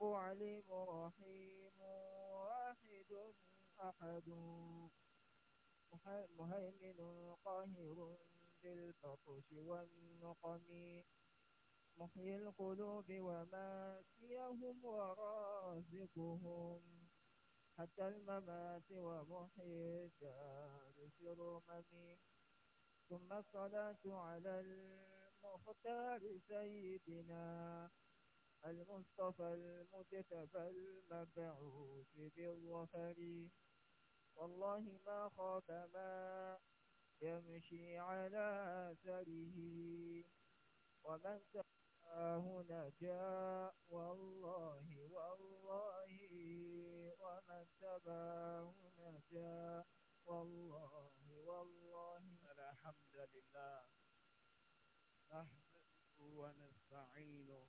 معلم رحيم واحد أحد مهيمن قاهر بالبطش والنقم محيي القلوب وماسيهم ورازقهم حتى الممات ومحيي الدار رمم ثم الصلاة على المختار سيدنا المصطفى المجتبى المبعوث بالظفر والله ما خاف ما يمشي على أثره ومن تقاه نجا والله والله ومن تباه نجا والله والله الحمد لله نحمده ونستعينه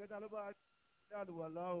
ẹ̀kẹta ló bá dá àlùwàlá o.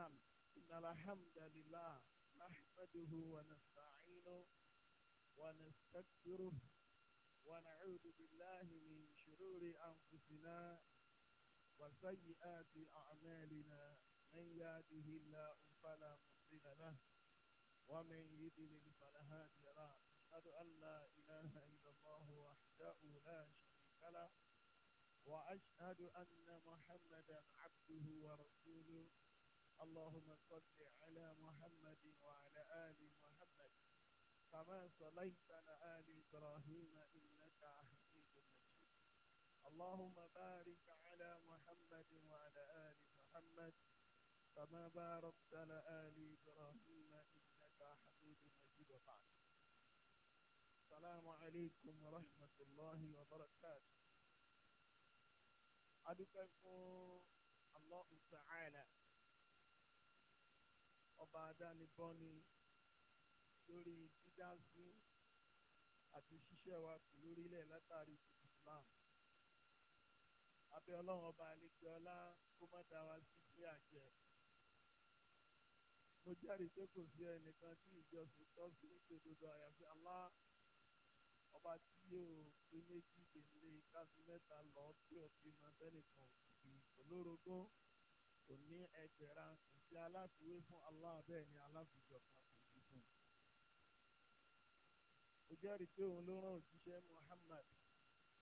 نعم إن الحمد لله نحمده ونستعينه ونستكبره ونعوذ بالله من شرور أنفسنا وسيئات أعمالنا من يهده الله فلا مضل له ومن يضلل فلا هادي له أشهد أن لا إله إلا الله وحده لا شريك له وأشهد أن محمدا عبده ورسوله اللهم صل على محمد وعلى آل محمد كما صليت على آل إبراهيم إنك حميد مجيد اللهم بارك على محمد وعلى آل محمد كما باركت على آل إبراهيم إنك حميد مجيد وبعد السلام عليكم ورحمة الله وبركاته أدعوكم الله تعالى ọba adánibọ́ni lórí dídásí àti ṣíṣẹ́ wa kù lórílẹ̀ látàrí Islam abẹ́ ọlọ́run ọba àlejò ọlá kó má dá wa sí pé àjẹ́ mo jẹ́rìí pé kò sí ẹnìkan tí ìjọsìn tọ́ sí ìṣòdodo àyàfi Allah ọba tí yóò fi méjì délé káfí mẹ́ta lọ tí òfin máa fẹ́nìkan òbí olórogún kò ní ẹgbẹ̀rán ṣe aláfiwé fún Allah bẹ́ẹ̀ ni aláfijọ́ kan kò sí fún un. ó jẹ́rìí pé òun ló rán òjíṣẹ́ Muhammad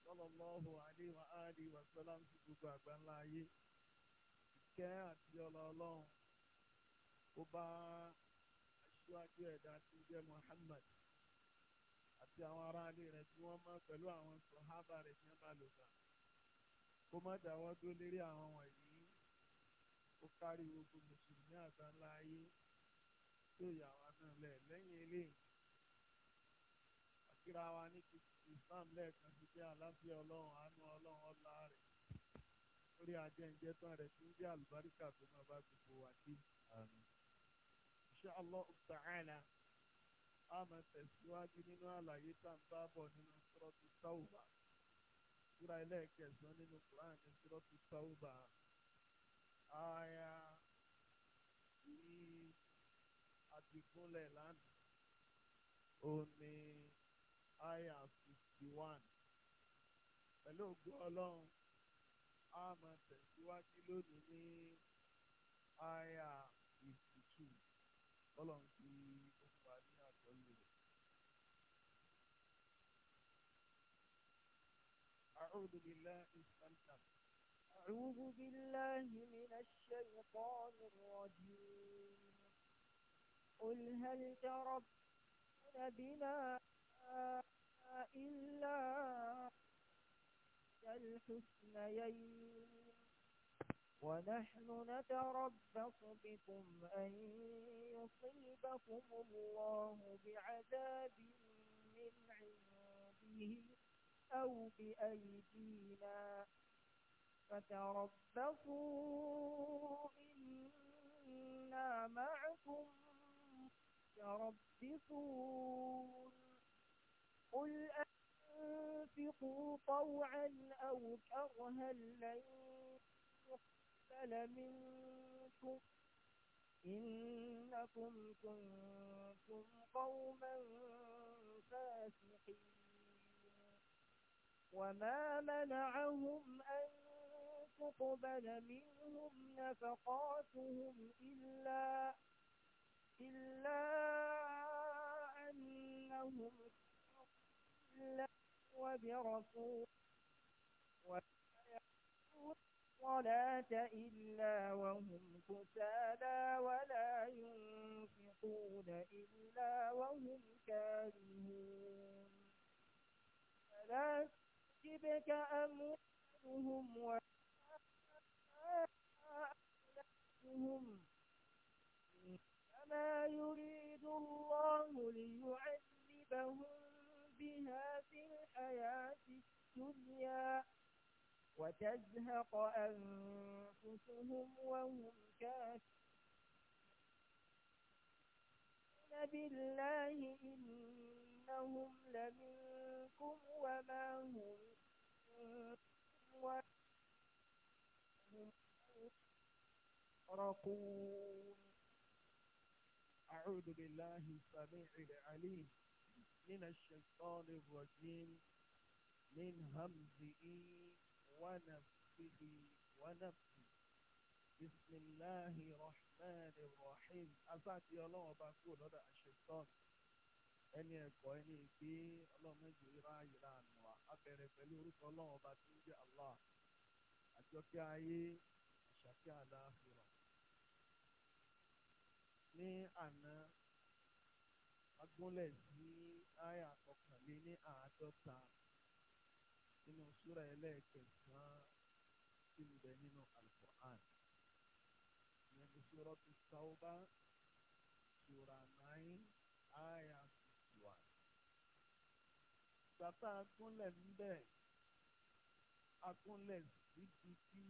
sallallahu alaihi wa alihi wa sallam sí gbogbo àgbáńlá ayé ìkẹ́ àti ọlọ ó bá aṣíwájú ẹ̀dá tí ń jẹ́ Muhammad àti àwọn aráalé rẹ̀ tí wọ́n pẹ̀lú àwọn sọ̀hábà rẹ̀ ó kárí gbogbo mùsùlùmí àgbáńlá ayé tó yà wá náà lẹ̀ lẹ́yìn eléyìí àkírá wa ní ti islam lẹ́ẹ̀kan ti jẹ́ àlàáfíà ọlọ́run àánú ọlọ́run ọlá rẹ̀ lórí ajẹ́njẹ́ tán rẹ̀ tí ń jẹ́ àlùbáríkà tó máa bá gbogbo wa sí. Insha Allah ta'ala a máa tẹ̀síwájú nínú àlàyé tá ń bá bọ̀ nínú Suratu Tawbah. Súra ẹlẹ́ẹ̀kẹsàn-án nínú Kùránì Suratu Tawbah aya tí a lánàá ó ní aya fifty one pẹ̀lú ògo ọlọ́run a máa tẹ̀síwájú lónìí ní aya fifty two ọlọ́run fi ó fún wa ní àjọyọ̀ rẹ̀. أعوذ بالله أعوذ بالله من الشيطان الرجيم قل هل تربون بنا إلا الحسنيين ونحن نتربص بكم أن يصيبكم الله بعذاب من عنده أو بأيدينا فتربصوا إنا معكم متربصون قل أنفقوا طوعا أو كرها لن يقبل منكم إنكم كنتم قوما فاسقين وما منعهم أن تقبل منهم نفقاتهم إلا إلا أنهم إلا وبرسول الصلاة إلا وهم كسالى ولا ينفقون إلا وهم كارهون فلا تجبك أموالهم ولا أنفسهم إنما يريد الله ليعذبهم بها في الحياة الدنيا وتزهق أنفسهم وهم كافرون بالله إنهم لمنكم وما هم مشركون أعوذ بالله السميع العليم من الشيطان الرجيم من همزه ونفسه ونفسه بسم الله الرحمن الرحيم أسعد يا الله وبقول هذا الشيطان ẹni ẹ̀kọ́ ẹni ìgbé ọlọ́mọ ìjòyè ráàyè láàánú wa abẹ̀rẹ̀ pẹ̀lú orúkọ àjọkẹ́ ayé àṣàkẹ́ àlàáfíà ní àná agúnlẹ̀ sí àyà ọ̀kànlé ní àádọ́ta nínú súra ẹlẹ́ẹ̀kẹsàn-án tí ń bẹ nínú alukur'an ìyẹn ní súra tó sáwọ́bá súra náírà àyà fifty one. bàtà agúnlẹ̀ ń bẹ̀ agúnlẹ̀ sí níbi tí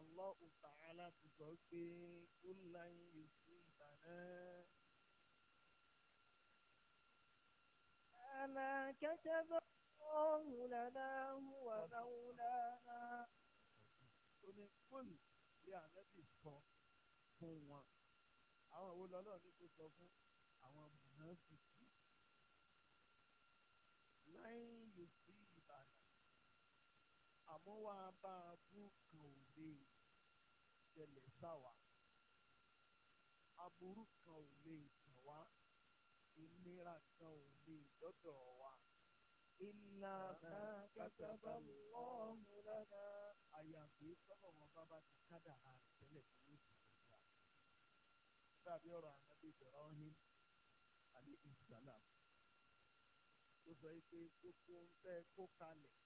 Allahu Ta'ala ti sọ pé ó ń láyé èso ìbànú. أما كتب الله لنا هو مولانا ní fún ní ànábì sọ fún wọn àwọn òun lọ́lọ́ ní kó sọ fún àwọn mùnàfíkì láyìn yòókù àmọ́ wá bá a bú kan ò lè ṣẹlẹ̀ sáwà aburú kan ò lè kàn wá ìnira kan ò lè dọ́dọ̀ wa. Ìlà kan kàtàbà lọ́ọ̀mù lánà. Àyàgbé sọ́nà wọn bá bá ti kádàrá rẹ̀ tẹ́lẹ̀ tó ní ìgbà. Dàbí ọ̀rọ̀ ànábì ìbẹ̀rẹ̀ ọ̀hún àlẹ́ ìsàlám. Ó sọ pé gbogbo ń fẹ́ kó kalẹ̀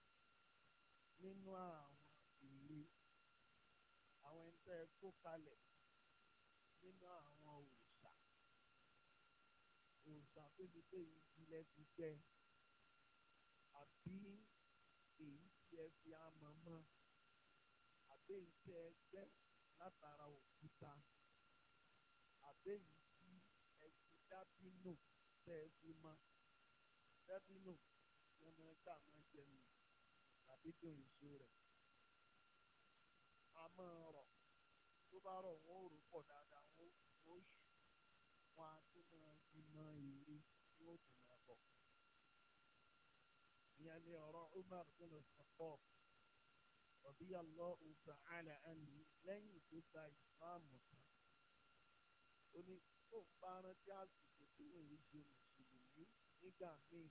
nínú àwọn ìlú àwọn ẹni tẹ́ ẹ kó kalẹ̀ nínú àwọn òòṣà òòṣà tó ti pé ìpìlẹ̀ ti jẹ́ àbí èyí tí ẹ fi amọ̀ mọ́ àbí èyí tí ẹ gbẹ́ látara òkúta àbí èyí tí ẹ fi dábínù tẹ́ ẹ fi mọ́ dábínù tí ọmọ ẹgbẹ́ àwọn ẹgbẹ́ mi àdínkù èso rẹ̀ a máa rọ̀ tó bá rọ̀ wọ́n ò rò pọ̀ dáadáa wọ́n ó ṣù wọn á tún máa fi mọ ìrí yóò tún máa bọ̀ ìyẹn ni ọ̀rọ̀ Umar bin Khattab radiyallahu ta'ala anhu lẹ́yìn tó gba ìsìláàmù tán ó ní tó bá rántí àsìkò tí wọ́n ń ṣe mùsùlùmí nígbà míì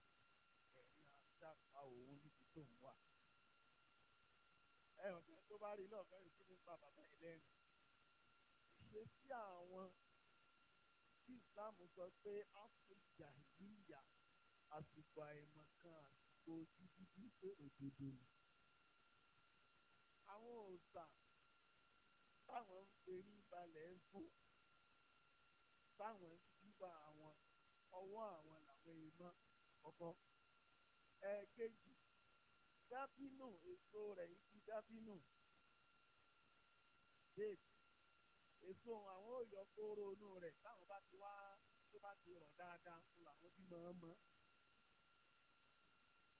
ẹ̀rí àdápa òun níbi tó ń wà ẹ̀hún tó bá rí lọ́ọ̀kan yìí kí ni pa bàbá yìí lẹ́rìn. ṣe sí àwọn tí Islam sọ pé áfíríkà yíyà àsìkò àìmọ̀kan àsìkò dídídí pé òdodo ni. àwọn òòṣà táwọn ń ferí balẹ̀ ń fún táwọn ń júbà àwọn ọwọ́ àwọn làwọn iná ọkọ. ẹ̀ẹ̀kejì dábínù èso rẹ̀ ń fi dábínú déètì èso àwọn ò yọ kóró inú rẹ̀ táwọn bá ti wá tó bá ti rọ̀ dáadáa fún làwọn bí máa mọ́.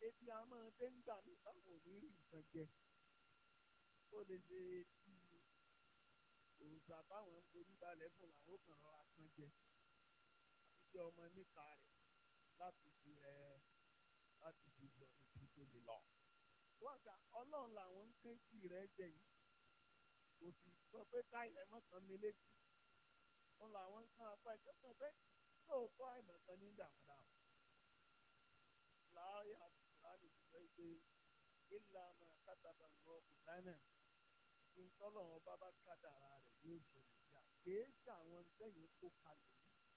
Ebi a máa dé ń gbà mí táwọn ò ní rí nǹkan jẹ. Ó lè ṣe ti òòṣà báwọn ń forí balẹ̀ fún làwọn ò kàn rọra kan jẹ. Iṣẹ́ ọmọ níta rẹ̀ láti fi rẹ̀ láti fi yọ ibi lọ wọ́n sà ọlọ́run làwọn ń ké sí rẹ̀ jẹ yìí kò sì sọ pé káìlẹ̀ mọ́kàn mi létí wọn làwọn ń kán apá ẹ̀jẹ̀ sọ pé lóòótọ́ àìmọ̀kan ní dàmúdà láàyè àbùkùrá lè sọ pé ìlà máa kátàbà lọ kùtánà kí n tọ́lọ̀ wọn bá bá kádàrà rẹ̀ yóò jẹ ìyá kìí àwọn sẹ́yìn tó kalẹ̀ yìí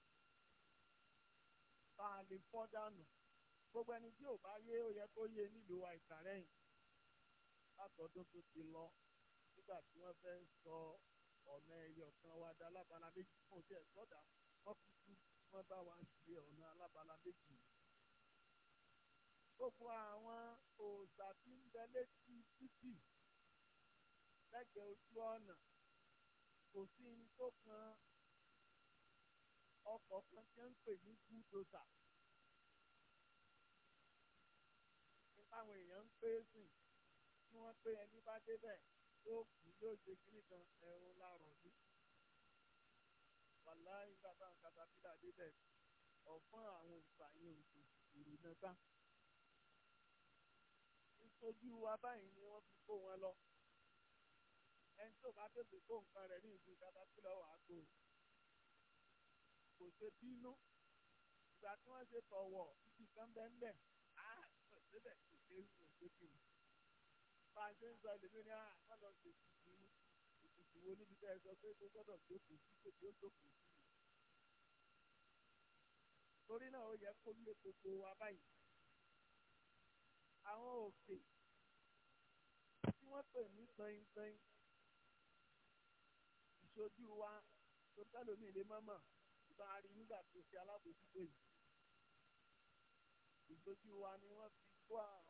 tá a lè fọ́ dànù gbogbo ẹni tí ò bá yé ó yẹ kó yé nílùú àìsàn rẹ̀yìn látọdún tó ti lọ nígbà tí wọ́n fẹ́ sọ ọ̀nà ẹyọ kan wá da alábala méjì fún òtí ẹ̀ sọ́dà wọ́n fi tú wọ́n bá wa ń ṣe ọ̀nà alábala méjì. gbogbo àwọn òòṣà tí ń bẹ létí títì lẹ́gbẹ̀ẹ́ ojú ọ̀nà kò sí ní tó kan ọkọ̀ kan tí ń pè ní gúdòsà. nípa àwọn èèyàn ń pè é sìn tí wọ́n pé ẹni bá débẹ̀ tó kù yóò ṣe kíní kan ẹ̀rọ láàrọ̀ sí. wàhálà ìgbà táwọn katapila débẹ̀ ọ̀fọ́n àwọn ìfàyàn òkè ìrìnà tán. ìtọ́jú wa báyìí ni wọ́n fi kó wọn lọ. ẹni tó bá tètè kó nǹkan rẹ̀ ní ìlú katapila wà á tó. kò ṣe bínú ìgbà tí wọ́n ṣe tọ̀wọ̀ ibi kan bẹ́ẹ̀ bẹ́ẹ̀ á pèsè bẹ́ẹ̀ kò ṣe é kò ṣe bá a ṣe ń sọ ẹlòmíín ní àkọlọ ah, ṣe tìtì ìtìtì wo níbi tẹ́ ẹ sọ pé kó gbọ́dọ̀ tó kù sí kò tí ó tó kù sí. torí náà ó yẹ kó lé gbogbo wa báyìí àwọn òfè tí wọ́n pè ní tọ́yìntọ́yìn ìṣojú wa tó tẹ́lòmíín lè mọ́mọ́ bá rí nígbà tó ṣe alábòjútó yìí ìṣojú wa ni wọ́n fi kó àwọn.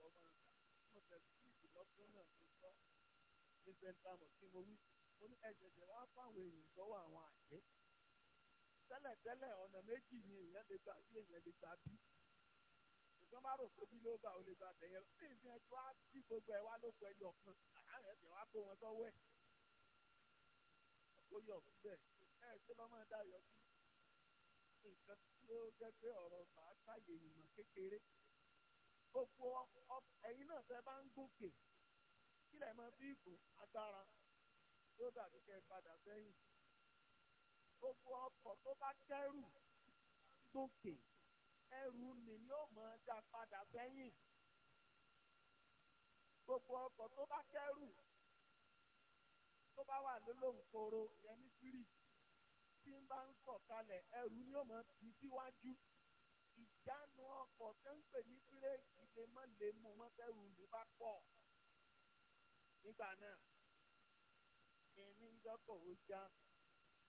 mo tẹ̀lé sí ìlọ́sọ́ náà tó sọ ní sẹ́ńtàmù tí mo wí mo ní ẹ̀jẹ̀jẹ̀ wá fáwọn èèyàn sọ́wọ́ àwọn ọ̀nà méjì ni èèyàn lè gbà bí èèyàn lè gbà bí rò pé bí ló bá lè gbà bẹ̀yẹn lọ sí bí gbogbo wá ló ẹyọ kan àárẹ̀ kó wọn ẹ̀ ó ẹ̀ ṣé lọ́mọ gbogbo ẹ̀yin náà fẹ́ bá ń gòkè kílẹ̀ mọ́ bí ìgùn agbára tó dàbí kẹ́ padà sẹ́yìn gbogbo ọkọ̀ tó bá kẹ́rù gòkè ẹrù ni yóò mọ̀ dá padà sẹ́yìn gbogbo ọkọ̀ tó bá kẹ́rù tó bá wà lólóǹkoro yẹn ní sírì tí ń bá ń sọ̀ kalẹ̀ ẹrù ni yóò mọ̀ tì síwájú ìjánu ọkọ̀ tó ń pè ní bírèkì lè má lè mú wọn fẹ́rù ló bá pọ̀ nígbà náà ẹni ń dọ́kọ̀ ó já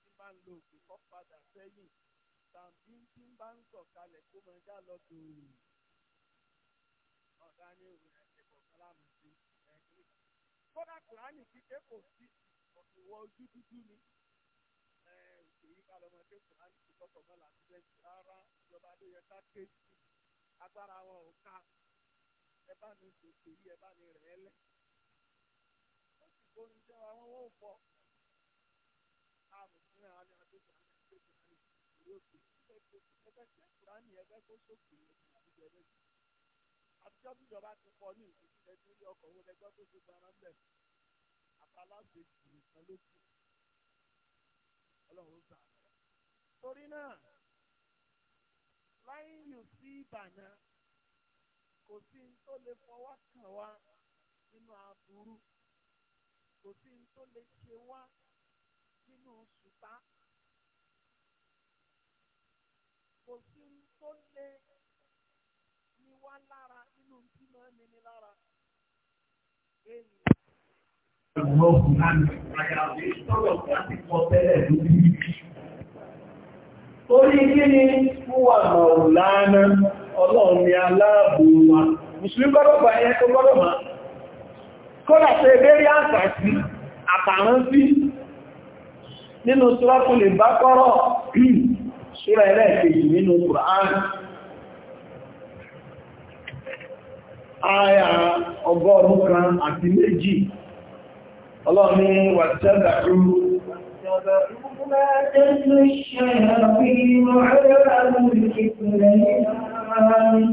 tí bá ń lo òkè kọ́ padà sẹ́yìn tàbí tí bá ń sọ̀ kalẹ̀ kó máa já lọ dòòrò ọ̀gá ní òun ẹ̀ṣẹ̀ kọ̀ọ̀kan láàmú sí ẹ̀ẹ́dẹ́gbẹ̀rún. kódà kùránì kíké kò sí ìwọ ojú dúdú ni èyí ká lọ́mọ kùránì kíkọ́ kọ̀ọ̀kan làbí bẹ́ẹ̀ rárá ìjọba ló ká ké sí agbára wọn ò ká ẹ bá ní tètè yìí ẹ bá ní rẹ̀ ẹ́ lẹ̀ ó sì gbóyún jẹ́ wa wọ́n ó fọ́ àmùsùn náà ni àdókò àti àdókò àti ìròkè ẹgbẹ́ tí kùránì ẹgbẹ́ tó sókè àbújọ ẹgbẹ́ tí àbújọ bíjọba ti pọ̀ ní ìpínlẹ̀ tó yẹ ọkọ̀ wọn ẹgbẹ́ tó ti gbára ń bẹ̀ àtàlásè nìkan ló kù ọlọ́run sàn. torí náà láyé yóò sí ìbànú kò sí ní tó lè fọwọ́ kàn wá nínú aburú kò sí ní tó lè ṣe wá nínú ṣùtá kò sí ní tó lè ní wá lára nínú tí máa ní lára èyí. Ọ̀rọ̀ ọkùnrin àti ìgbàyàwó sọ̀rọ̀ láti kọ́ tẹ́lẹ̀ lórí. torí kí ni fúwà màúlánà ọlọ́run ni aláàbò wa mùsùlùmí tó gbọ́dọ̀ máa kọ́lá tẹ ẹgbẹ́rí sí nínú sùrátùlè bá kọ́rọ̀ ṣúra ẹlẹ́ẹ̀kejì nínú ما تتلو الشياطين على ملك سليمان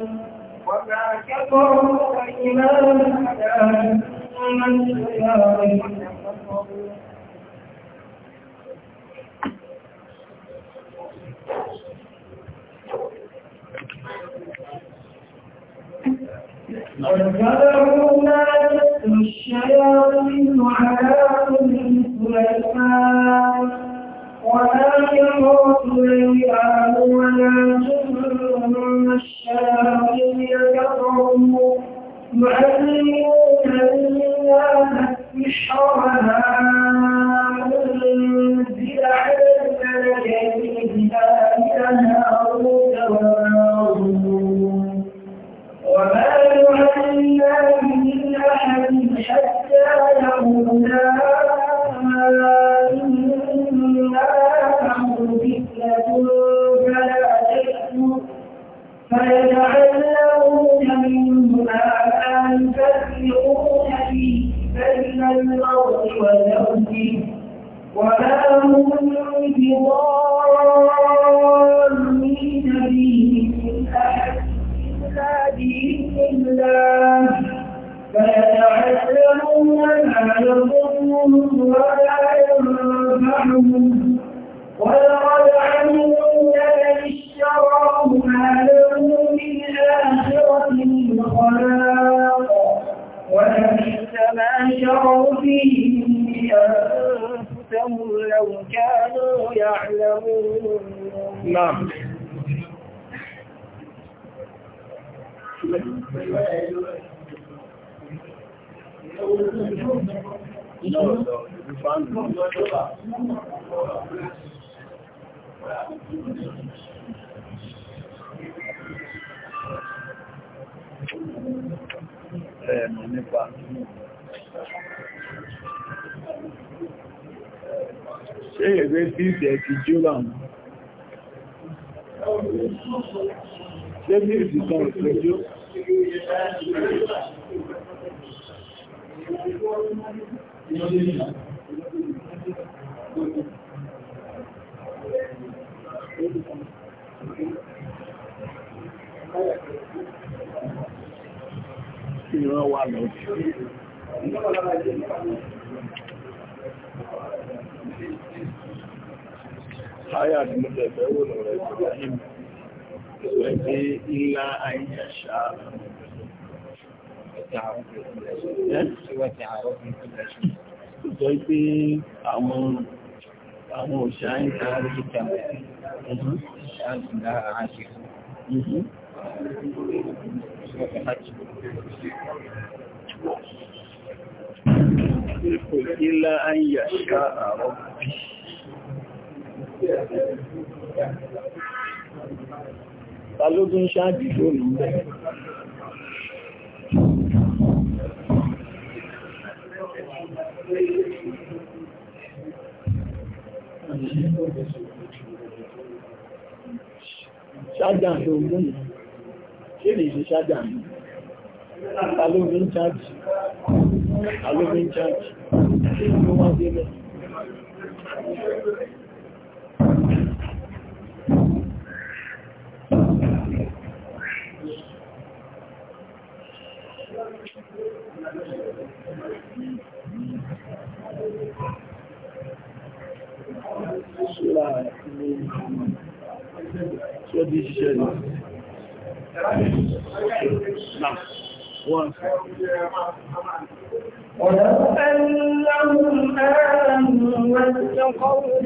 وما كفر سليمان ولكن الشياطين كفروا واتبعوا ما تتلو الشياطين على ملك الأسماء ولا يموت ولا جن الشافعي يقوم معلمون لله بشرى أنزل على الملكين آية هاروت وماروت وما يعلمان من حتى يقولا فلا bíìsì ẹ̀kì jùlọ ṣe bíìsì kan ìpẹ̀jú Ìran wà lọ́jọ́. Ayà ni mo tẹ̀ fẹ́ wò lọ́rọ̀ Ibrahim. Ìwẹ̀ pé ńlá àyíká ṣáà. Ìjọ pé àwọn àwọn òṣà ń ta oríta ṣáàdùnlá àṣẹ. Ìlà ayà ṣáà àrọ́bí. Balógun ṣáàdì lónìí mẹ́. Ṣáàdì àjò ògùn ṣe lè ṣe ṣáàdì àjò. Balógun ṣáàdì, balógun ṣáàdì, ṣe ló wá délẹ̀. ولو أنهم آمنوا واتقوا لمثوبة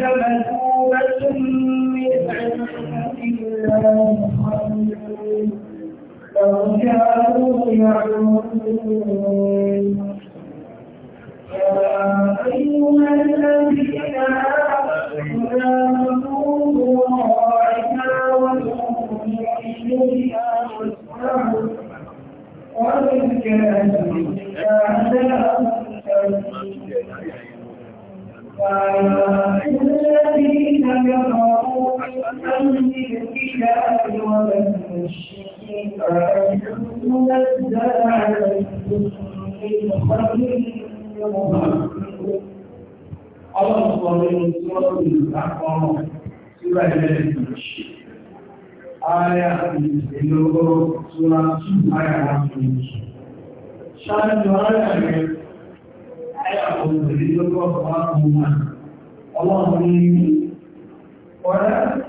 من عند الله خير لو كانوا يعلمون يا أيها الذين آمنوا لا تكونوا راعنا والمؤمنين واسمعوا وذكر أهل الذين كفروا أهل tí wọ́n tó lè lápọ̀ọ́nà tí ó rẹ̀ lẹ́yìn ìṣẹ́. Aya ìlú ọgọ́rọ̀ tí wọ́n tún aya wọn tó ṣe. Ṣáájú أيعقل الذي يطلقهما الله من ولما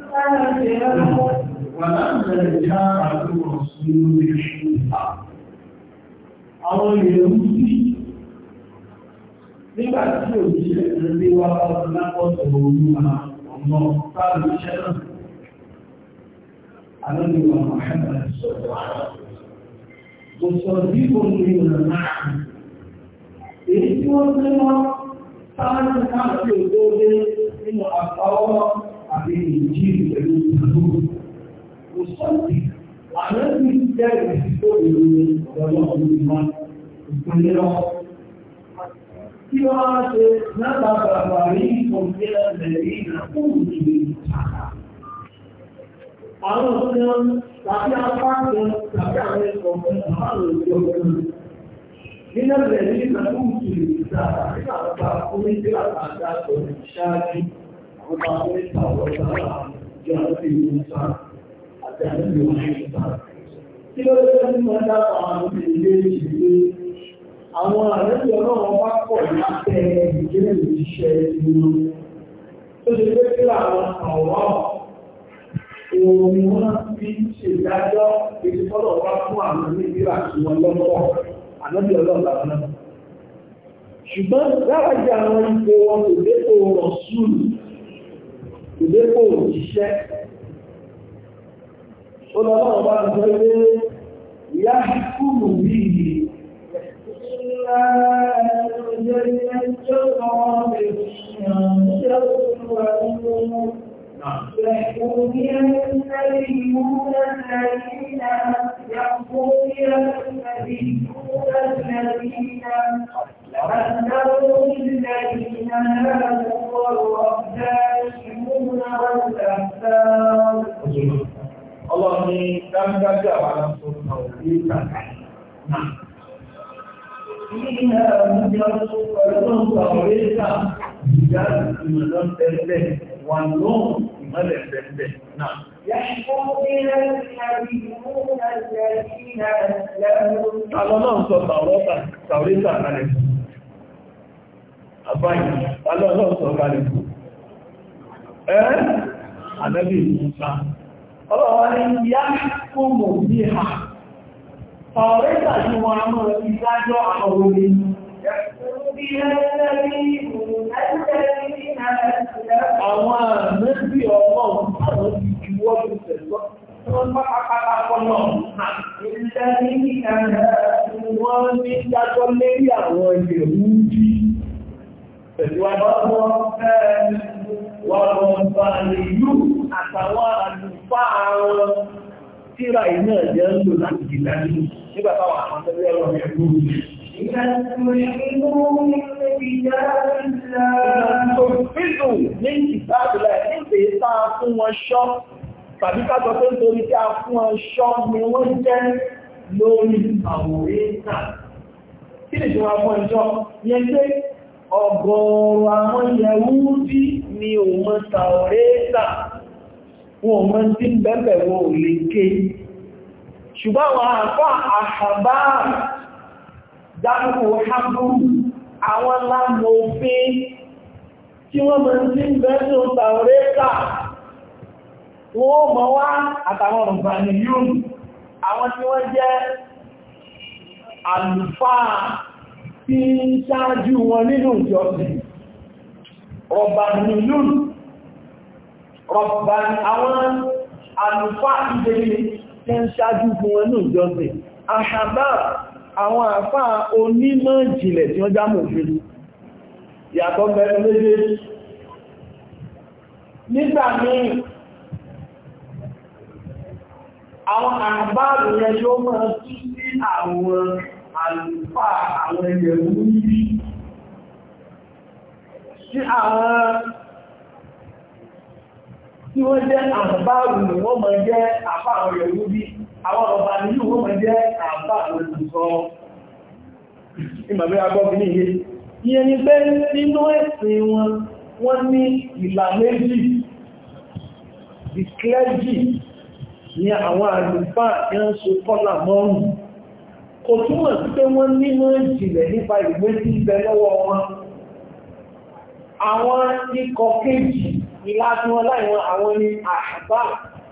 جاء الرسول بالحق àwọn èèyàn ń bí nígbà tí ò ní ṣẹ̀lẹ̀ lé wá ọdún lápọ̀tọ̀ òun ọmọ táàlù iṣẹ́ náà alẹ́lẹ́wà mọ̀hẹ́mà sọ̀rọ̀ àrọ̀ 你说是说，当时他们有些因为太高了，他被引进了这个队伍。我身体，俺们以前都是我要老体吗？你看见了？第二是，那把把把了，从别的地方弄进来了。俺们说的打架方式，打架的时候很有趣。nínú rẹ̀ ní ìgbàlúùtù ìgbà nígbà bá omi tí a máa dá sọ ìṣáájú àwọn bá omi tà lọ́jà àjọ àti ìwòsà àti àjọ ìwòsà. Kí ló dé tí wọ́n dá àwọn àmì ilé ìdílé? Àwọn àrẹ́bí ọlọ́run wá pọ̀ lábẹ́ ìdílé ṣe pé ìṣẹ́fọ́lọ̀ wá fún àwọn oníbírà tí lọ́pọ̀ àlọ́bí ọlọ́run làwọn náà ṣùgbọ́n láwájá àwọn ipò wọn kò dépò rọ̀súùlù kò dépò òjíṣẹ́ ó lọ lọ́wọ́ bá ń sọ pé ìyá kúrò bí i Thank you. يأتون المؤمنون الذين يأتون المؤمنون الذين وأنهم الذين هادوا والربانيون والأحبار اللهم كم تجعل عن سلطة نعم فيها مجرد ولهم طريقة بجانب المدن الثلاثة والنوم ìmọ́lẹ̀ bẹ̀rẹ̀ náà. Àwọn náà sọ tàwọ́ta tàwọ́ta kalẹ̀ fún. Àbáyìí, alọ́ náà sọ kalẹ̀ fún. Ẹ́ ànẹ́bì ìmúta. Ọlọ́wọ́ ni yá kó mò ní ha. Tàwọ́ta ni wọn a mọ́ àwọn àmẹ́bí ọlọ́run àwọn ti ju wọ́n ti tẹ̀sọ́ wọ́n bá pápá kọ́nà wọ́n ní dájọ́ lérí àwọn ìrẹ̀wú jí pẹ̀lú àbábọ́ wọ́n bá lè yú àtàwọn àlùfà àwọn tíra iná jẹ́ ń lò láti dìlá ní nígbàtàwà àwọn tẹ́lẹ̀ ọ̀rọ̀ ẹ̀kú Ìlànà ní ìtàbílẹ̀ níbi ìta fún wọn ṣọ́, tàbí kájọ tó ń torí tí a fún wọn ṣọ́ ni wọ́n jẹ́ lórí àwòrán náà. Kí lè ṣe wá fún ẹjọ́? Yẹn pé ọgọ́rọ̀ àwọn Yẹhudi ni òun tàwọ̀rẹ́ta, wọn mọ́ tí ń bẹ́bẹ̀ wọ òlékè. Ṣùgbọ́n àwọn àfá àhàbá dákùn hábùrù àwọn lámòfin tí wọ́n mọ̀ sí ìbẹ́sùn tàórẹ́kà wọ́n mọ̀ wá àtàwọn rùbàní yóò àwọn tí wọ́n jẹ́ àlùfáà tí ń ṣáájú wọn nínú ìjọsìn rọ̀bàní yóò rọ̀bàní àwọn àfá onímọ̀ ìjìnlẹ̀ tí wọ́n jámọ̀ òfin ìyàtọ̀ bẹ̀rẹ̀ méjèèjì nígbà míì àwọn àbáàrù yẹn yóò máa tú sí àwọn àlùfáà àwọn ẹ̀yẹ̀wò níbi sí àwọn tí wọ́n jẹ́ àbáàrù wọ́n máa jẹ́ àfáà àwọn ẹ̀yẹ̀wò níbi àwọn ọ̀bà ní yíò wọ́n jẹ́ àbá olùsọ ìmọ̀bí agbọ́bí ní ilé ìyẹn ni pé nínú ẹ̀sìn wọn wọ́n ní ìlà méjì the clergy ni àwọn àlùfáà ń ṣe kọ́là mọ́rùn kò túmọ̀ sí pé wọ́n nímọ̀ ìjìnlẹ̀ nípa ìwé tí ń bẹ lọ́wọ́ wọn àwọn ikọ̀ kejì ìlàjúwọn láìwọn àwọn ni àbá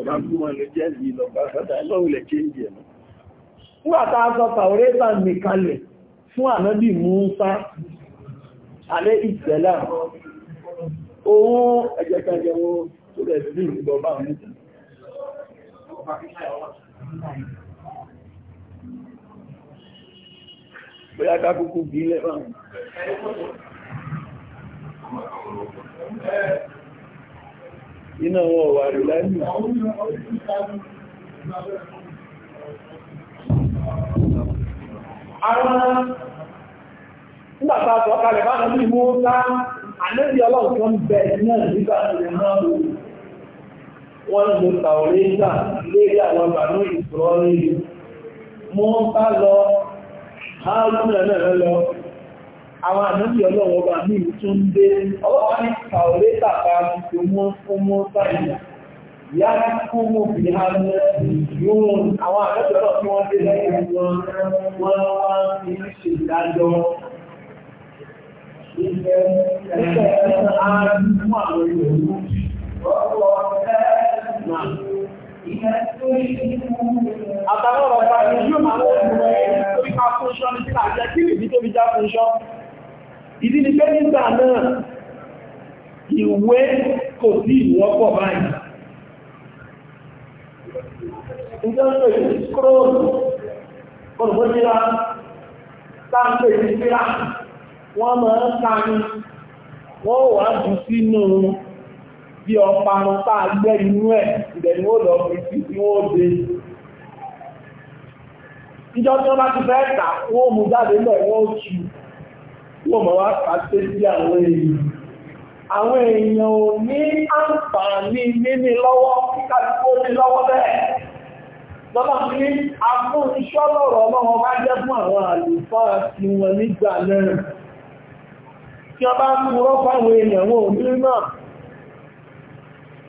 ọ̀bá fún wọn lè jẹ́ ìlú ìlọ́gbà sátà ẹlọ́run lè chéńjì ẹ̀nà nígbà tá a sọ tàwọ́rẹ́ta nìkalẹ̀ fún ànábì Mùsá alẹ́ ìṣẹ̀lá ohun ẹ̀jẹ̀kẹ̀jẹ̀ wọn tó rẹ̀ sí ìgbọ̀bá mẹ́ta bóyá kákùkù bí lẹ́wọ̀n iná wọn wà rí lẹ́nu àwọn nígbàtà sọ kalẹ̀ bá nàbí mú ká ànẹ́bí ọlọ́ọ̀kan bẹ̀ náà nígbà ìrìnàmù wọ́n lò tàwọ̀lẹ́gbà lérí àwọn bàánú ìsọ̀rọ̀ rí mú ká lọ hálùmẹ̀ náà lọ àwọn ànábì ọlọ́run ọba ní ìlú tó ń dé ọlọ́pàá ní kàólétà bá ti mọ́ fún mọ́ sáyẹ̀ yá fún mọ́ bí i hàmẹ́ yóò àwọn ànábì ọlọ́run tí wọ́n dé lẹ́yìn wọn wọ́n wá sí ṣèdájọ́ ìgbẹ́ ìgbẹ́ ààrùn fún àwọn ìlú Àtàwọn ọ̀pàá ìjú àwọn ọmọ ẹ̀yìn tó bí ká fún ṣọ́ ní sílà jẹ́ kí nìdí tó bí já fún ṣọ́ ìdí ni pé nígbà náà ìwé kò sí ìwọ́pọ̀ báyìí ìjọ́sọ̀ ìkúròòlù olùgbòjìlá táàpẹ̀ ìpínlá wọ́n máa ń kàní wọ́n wà jù sínú bí ọpa wọn táà gbẹ́ inú ẹ̀ ìdẹ̀ni ó lọ fi sí tí wọ́n dé ìjọ́sọ̀ bá ti fẹ́ tà wọ́n mú jáde lẹ̀ wọ́n jù wọ́n mọ̀ wá pàṣẹ sí àwọn èèyàn àwọn èèyàn ò ní àǹfààní níní lọ́wọ́ kíkàtíkó ní lọ́wọ́ bẹ́ẹ̀ lọ́nà ní afúnṣọ́lọ́rọ̀ ọlọ́wọ́ bá jẹ́ fún àwọn àlùfáà tí wọ́n nígbà náà tí wọ́n bá mú rọ́pàá àwọn èèyàn wọn ò ní náà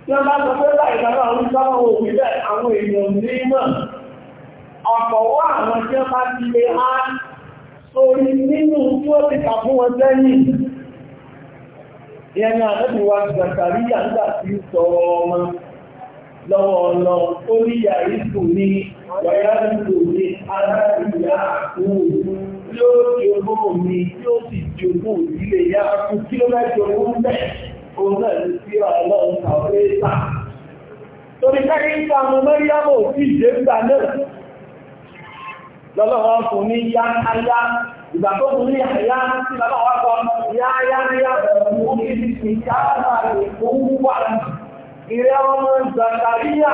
tí wọ́n bá sọ pé láì lára àwọn ìjọba náà orí nínú tí ó ti kà fún wọn lẹ́yìn ìyẹn ni àdẹ́bì wa Zakaria nígbà tí ń sọ̀rọ̀ ọmọ lọ́wọ́ ọ̀nà ó ní yàrí kò ní yàrí kò ní aláìyá òòrùn yóò jogún mi yóò sì jogún ìdílé yá fún kí ló mẹ́ jogún bẹ́ẹ̀ òun náà ní sí ọlọ́run kàwé sà torí náà lọ́lọ́wọ́ fún ní yá ayá ìgbà tó fún ní àyá sí bàbá wa kọ yá ayá ní àbẹ̀wò ní ìkáàbà èkó wà ìrẹ́ ọmọ Zakaria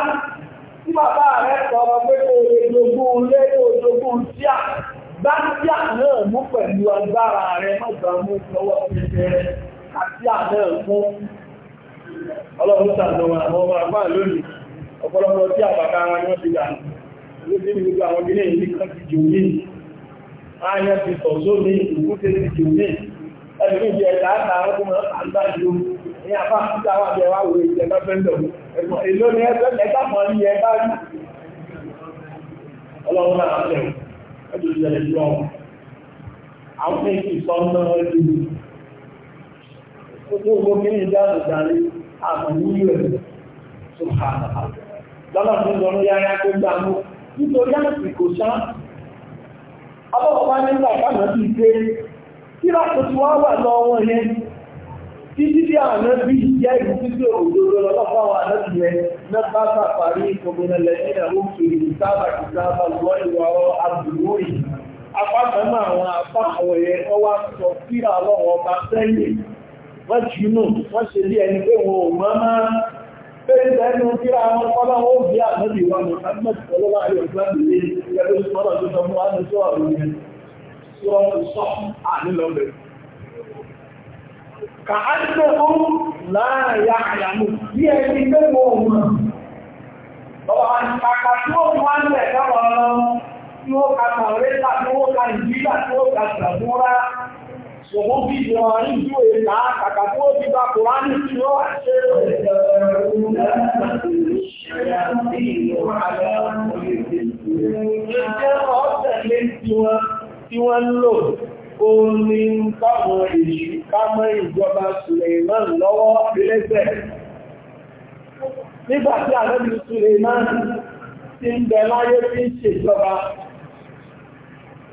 tí bàbá rẹ̀ sọ̀rọ̀ pé kò lè jogún lé kò jogún tíà bá tíà náà mú pẹ̀lú agbára rẹ̀ mọ́gbà mú lọ́wọ́ pẹ̀lú àtíà náà fún ọlọ́run sàdọ̀wà àwọn ọmọ àgbà lónìí ọ̀pọ̀lọpọ̀ tí àbàkà wọn ti yà ló sí gbogbo àwọn ilé ìlú kan ti jò ní ààyẹ ti sọ sómi ìkúté ti jò ní ẹgbẹ́ ìjẹ ẹ̀dá àtàrà tó máa ń bá jù ní apá títà wà bẹ wá wo ìjẹ bá fẹ́ lọ ẹ̀gbọ́n èló ni ẹgbẹ́ mẹ́ta kan ní ẹ bá rí ọlọ́run náà lẹ̀ ẹjọ́ ìjẹlẹ̀ jù ọ̀hún àwọn èkì sọ náà lù ó tó gbogbo kí ní ìdáhùn ìdárí àmọ̀ nílùú ẹ̀ tó kà á lọ́nà tó ń lọ ní yáyá tó gbà mú nítorí àsìkò ṣá ọlọ́pàá nígbà kánà sí pé kí láti tí wọ́n wà lọ wọn yẹn títí tí àná bí jẹ́ ìlú títí òdòdó lọ́lọ́pàá wà láti yẹn náà bá sàparí ìfòmìnàlẹ̀ nínú àwọn òkèrè ìsáàbà ìsáàbà lọ ìwà àbúrò yìí apákan náà àwọn apá àwọn ẹ̀yẹ kọ́ wá sọ síra lọ́wọ́ ọba sẹ́yìn wọ́n jùnú wọ́n ṣe bí ẹni pé wọn ò mọ́ máa Bẹ́ẹ̀ni tẹ́nu kíra àwọn ọlá ó bí àmọ́bì wọn ni Ahmed Ọlọ́lá Ayọ̀ Ìgbàmì ní ẹgbẹ́ ìsọ́lọ̀ tó sọ fún àmì sọ́ọ̀ rú ni sọ́ọ̀ sọ́ ànílọ́bẹ̀. Kà àyàmù bí ẹni pé mo mọ̀. Ọ̀pọ̀ kàkà tí ó fi wọ́n lẹ̀ káwọn Òun bí ìjọ àárín ìjú èdè àkàkà tí ó ti bá Kùránì tí ó wá ṣe tí wọ́n lò ó ní káwọn èṣù kámọ́ ìjọba Suleiman lọ́wọ́ lẹ́sẹ̀. Nígbàtí àlẹ́bí Suleiman ti ń bẹ láyé tí ń ṣèjọba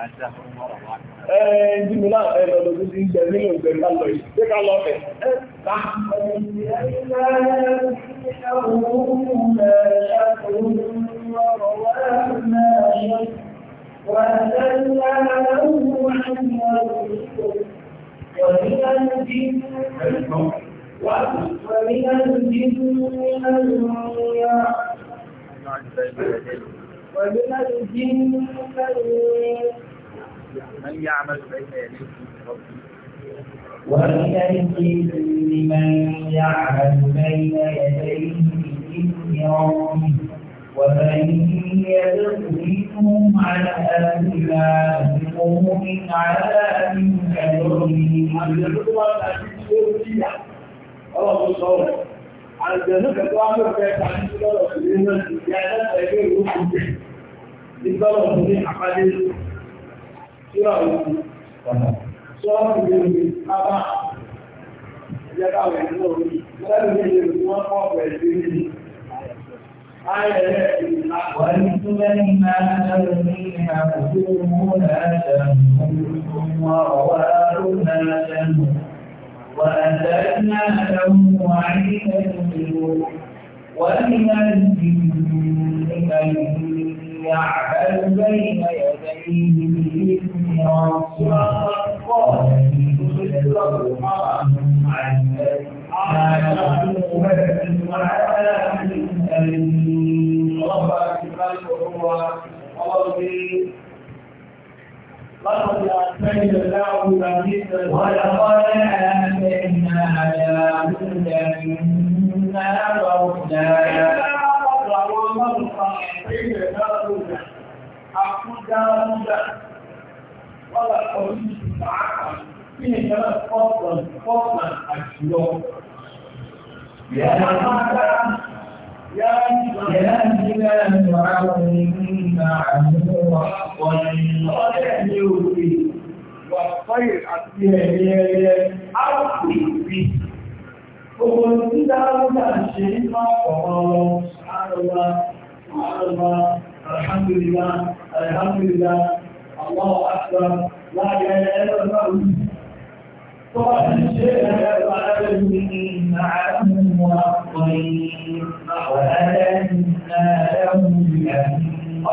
Ẹ̀ẹ́dì mi láti ẹ̀rọ lójú sí ìgbẹ̀ nínú ìgbẹ̀ ká lọ yìí. Ṣé ká lọ bẹ̀? ومن الجن من يعبد ومن الجن من من يعمل بين يديه من ربه وهي يقيد لمن يعمل بين يديه من ربه ومن يدخلهم على أهل بقوم على أهل كبرهم الله على síra ìlú ọ̀nà sọ́ọ̀tù lórí apá ìjẹ́kàwẹ̀ lórí lẹ́nu ní ìlú wọn kọ́ pẹ̀lú ìlú ولسليمان الريح قدومها شمس ورواحنا شمس وأتينا له عيد ومن يعمل بين يديه فيه بإذن ربها ومن الله عن على محمد وعلى آله ربك الله الله لقد أتينا الله عزيزا ولقد آتينا على هدى منا ربنا الدولة ولا الحدود تتعاقب فصلا فصلا الشيوخ يا جماعة يا جماعة معاونين عنه والطير والحيوط والطير الدهليل أرضي به وقل إذا أردت شيئا فقالوا الحمد لله الحمد لله الله أكبر لا إله إلا الله طبعا الشيء على المؤمنين عالم وطيب وأنا لهم الأمين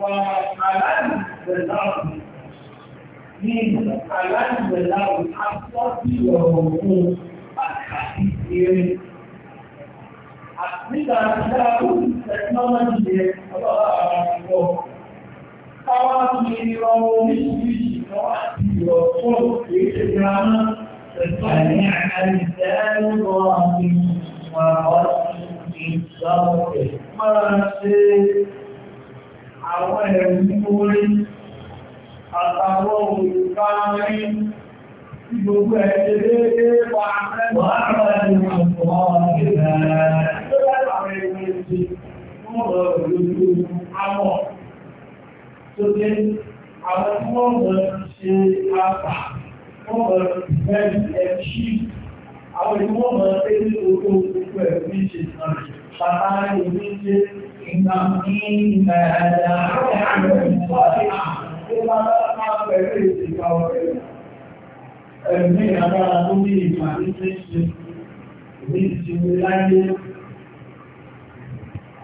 وعلم الأرض من علم بالأرض حصلت وهو الحديث àtìgbà ìdáàbò tẹkinọ́lọ́jì yẹ ọlọ́rọ̀ àwọ̀ káwá fi rọ oríṣiríṣi náà àti ìrọ̀ fún èdè gírámà pẹ̀lú àní àìsẹ́lúwọ̀ àti ìwà ọ̀sìn ìsọ̀rọ̀ máa ṣe àwọn ẹ̀rù orí àtàwọn olùkọ́ rí tí gbogbo ẹ̀ṣẹ̀ déédéé wà fẹ́ wà fẹ́ ti fún ọ̀rọ̀ ìlú àmọ̀ tó dé àwọn tí wọ́n mọ̀ ṣe àpà wọ́n mọ̀ bẹ́ẹ̀ ẹ̀ṣí àwọn tí wọ́n mọ̀ pé ní owó gbogbo ẹ̀ fi ṣe sàn bàbá ìlú ṣe ìgbà ní ìgbà ẹ̀dá àwọn ìgbà tó bá bá pẹ̀lú ìṣèkà ọ̀rẹ́ ẹ̀mí àwọn àtúndì ìgbà ní ṣe ṣe ní ìṣèwé láyé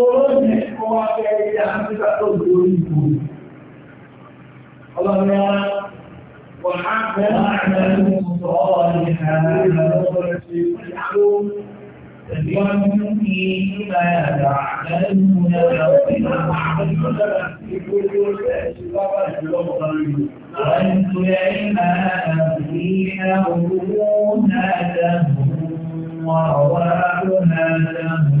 olóòjì kọ́ wá fẹ́ ilé àmúta tó lórí ìbò. Ọlọ́run wa wà á fẹ́ àmì ẹ̀rọ ọ̀rọ̀ ìhàlẹ́ ìrànlọ́wọ́ ṣe ìṣó Ìgbọ́nmí ìgbà ẹ̀dà lẹ́nu ẹ̀rọ ìgbà àwọn ìgbà ìgbòjò ẹ̀ṣù lábà ìjọba ọ̀rọ̀. Wọ́n tó yẹ ìgbà ìhà òwúrò náà dẹ̀mù, wọ́n wá tó náà dẹ̀mù.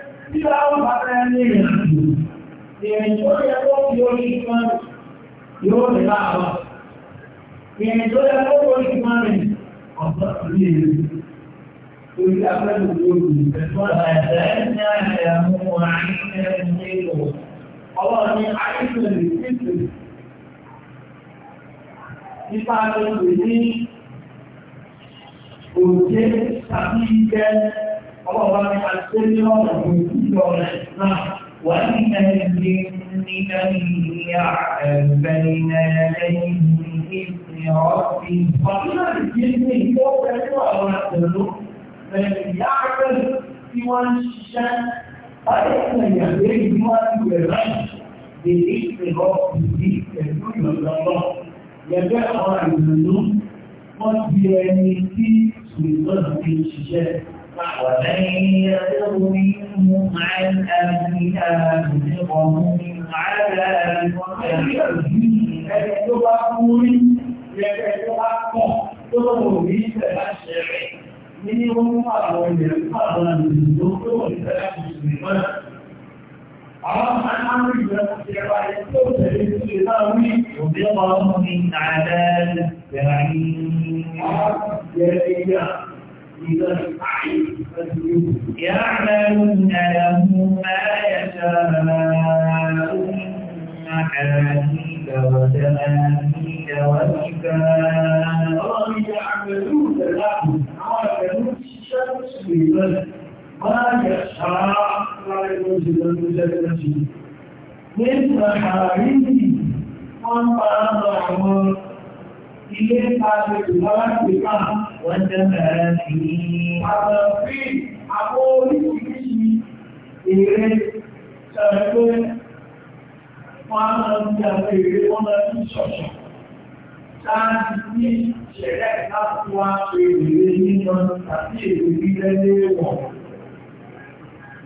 bí láwọn bàbá ẹni rẹ̀ ìrìn tó yẹ kó fi orí kan yóò lè láàbà ìrìn tó yẹ kó fi orí kan rẹ̀ ọ̀pọ̀ orí rẹ̀ orí afẹ́lú lórí ìfẹ́fọ́ ẹ̀ẹ́dẹ́ ní àyàmú àìsẹ̀ ní ìlú ọlọ́run ní àìsẹ̀ lè tètè nípa tó lè ní òjé tàbí ورحمة من يعلم بين يديه بإذن ربه ومن الجن فوق الأرض من يعلم سوى الشمس أيضا يديه من يعلم بإذن ربه يقول الله يدعو عن النوم قد يأتي سلطان الشجاع ومن يتر عن أمرنا نذقه من عذاب وكريم يتقون يتقون تقول بالتبشر منهم قالوا يقال من دكتور تبشر عرف عن أمر يضيق من عذاب الجحيم يعملون له ما يشاء يشاءون محاسيب وتماثيل وكفاء يعملون له ما الشمس بالبلد ما يشاء لا يوجد المجلد من محاريب وانطلق ilé pàṣẹ ìjọba ti pa wọ́n jẹ́ bẹ̀rẹ̀ sí i. Àwọn fi àwọn oríṣiríṣi èrè sọ̀rọ̀ pé wọ́n á máa ń jẹ àwọn èrè wọ́n máa ń ṣọ̀ṣọ̀. Sáàtì ní ìṣẹ̀lẹ̀ láti wá èrè nínú àti èrè gbígbẹ́ léwọ̀.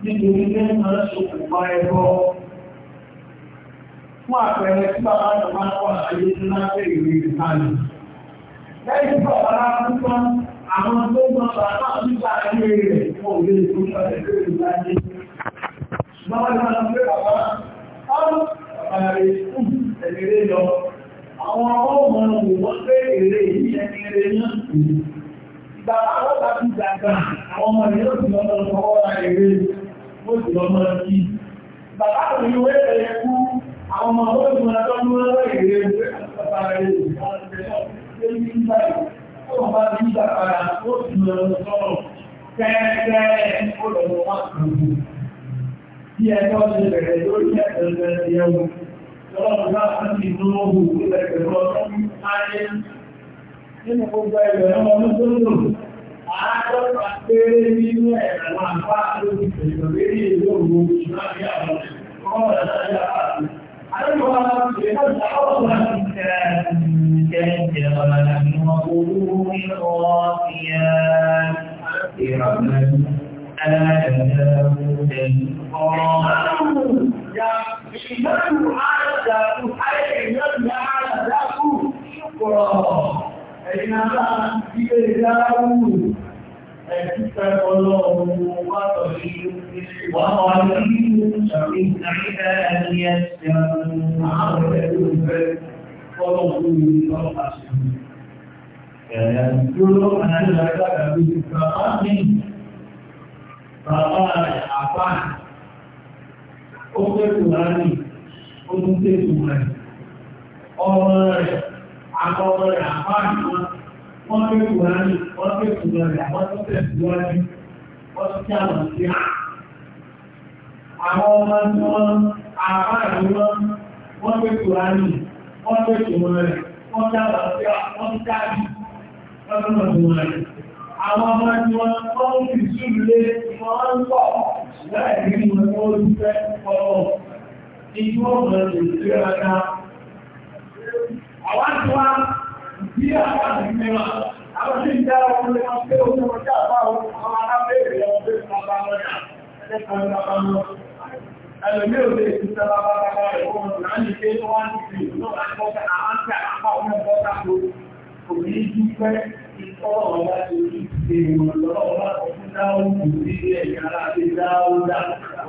Nítorí pé máa ṣokùnfà ẹ̀rọ fún àpẹẹrẹ tí bàbá àgbà máa ń wà láyé ní lábẹ́ ìwé ìtàlẹ̀ lẹ́yìn tó ọ̀pára púpọ̀ àwọn tó mọ́ bàbá nípa ayé rẹ̀ fún òwe tó ṣọlẹ̀ lórí láyé. Ṣùgbọ́n wọ́n máa ń gbé bàbá ọ́n bàbá rẹ̀ fún ẹ̀rẹ́ lọ. Àwọn ọmọ ọmọ wọn pé èrè yìí ẹni rẹ̀ náà kù. Ìgbà àwọn bá ti dàgbà, àwọn ọmọ rẹ̀ yóò ti lọ́mọ ọwọ́ ra èrè, ó sì lọ́mọ kí. Bàbá ṣe ní lórí ẹ̀sẹ̀ ẹ̀yẹ̀wò lọ́wọ́ bá ń ti lówó ìpínlẹ̀ pẹ̀lú ọdún ayé nínú gbogbo ẹgbẹ̀ ọmọ ọdún tó lò àádọ́ta péré nínú ẹ̀rọ àpá lórí ìpèsè lórí ìlú òwò ìṣúná أيها الذين حرصوا الكافرة وقلوب الغافيات إرم آل داود الكرام يعمل على داود حيث يبنى على داود شكرا إنما في ẹ̀dúpẹ́ ọlọ́run wà lórí wà wà lórí ìṣàrí ìdáríkà ẹni ẹ̀sẹ̀ àwọn ẹ̀rọ ìfẹ́ ọlọ́run ní ọlọ́pàá ṣe. Ẹ̀yà ìdúró àti ìlàgbàgbà ló ti bàbá mi, bàbá rẹ̀ àpá, ó fẹ́ Kùránì, ó tún fẹ́ Kùránì, ọmọ rẹ̀, àkọ́kọ́ rẹ̀ àpá ìwọ̀n wọ́n fẹ́ kùránì wọ́n fẹ́ kùránì àwọn tó tẹ̀ síwájú wọ́n ti àwọn sí à. Àwọn ọmọ tí wọ́n àbá ìlú wọ́n fẹ́ kùránì wọ́n fẹ́ kùránì wọ́n ti àwọn sí à wọ́n ti dájú wọ́n fẹ́ kùránì. Àwọn ọmọ tí wọ́n wọ́n fi sùúrù lé wọ́n ń pọ̀ láì rí wọn kó ń fẹ́ pọ̀. Ìjú ọ̀gbọ̀n lè ṣe ara. Àwọn tí wọ́n bí àwọn ìgbìmọ̀ àwọn tí ń dára wọn lè máa pé oúnjẹ ọjọ́ àbáwọn àwọn alábẹ́rẹ̀ ẹ̀wọ̀n pé máa bá wọn jà ẹ̀kọ́ ìgbà bá wọn ẹlòmí ò lè ti sára bá bá rẹ̀ wọn náà ní pé wọ́n ti fi ìlú náà lọ́kẹ́ àwọn tí àpá ọmọ ẹ̀kọ́ tako kò ní í pẹ́ ikọ́ ọ̀la ti fi èrò lọ́wọ́ láti fún dáhùn kò sí ẹ̀yà láti dáhùn dá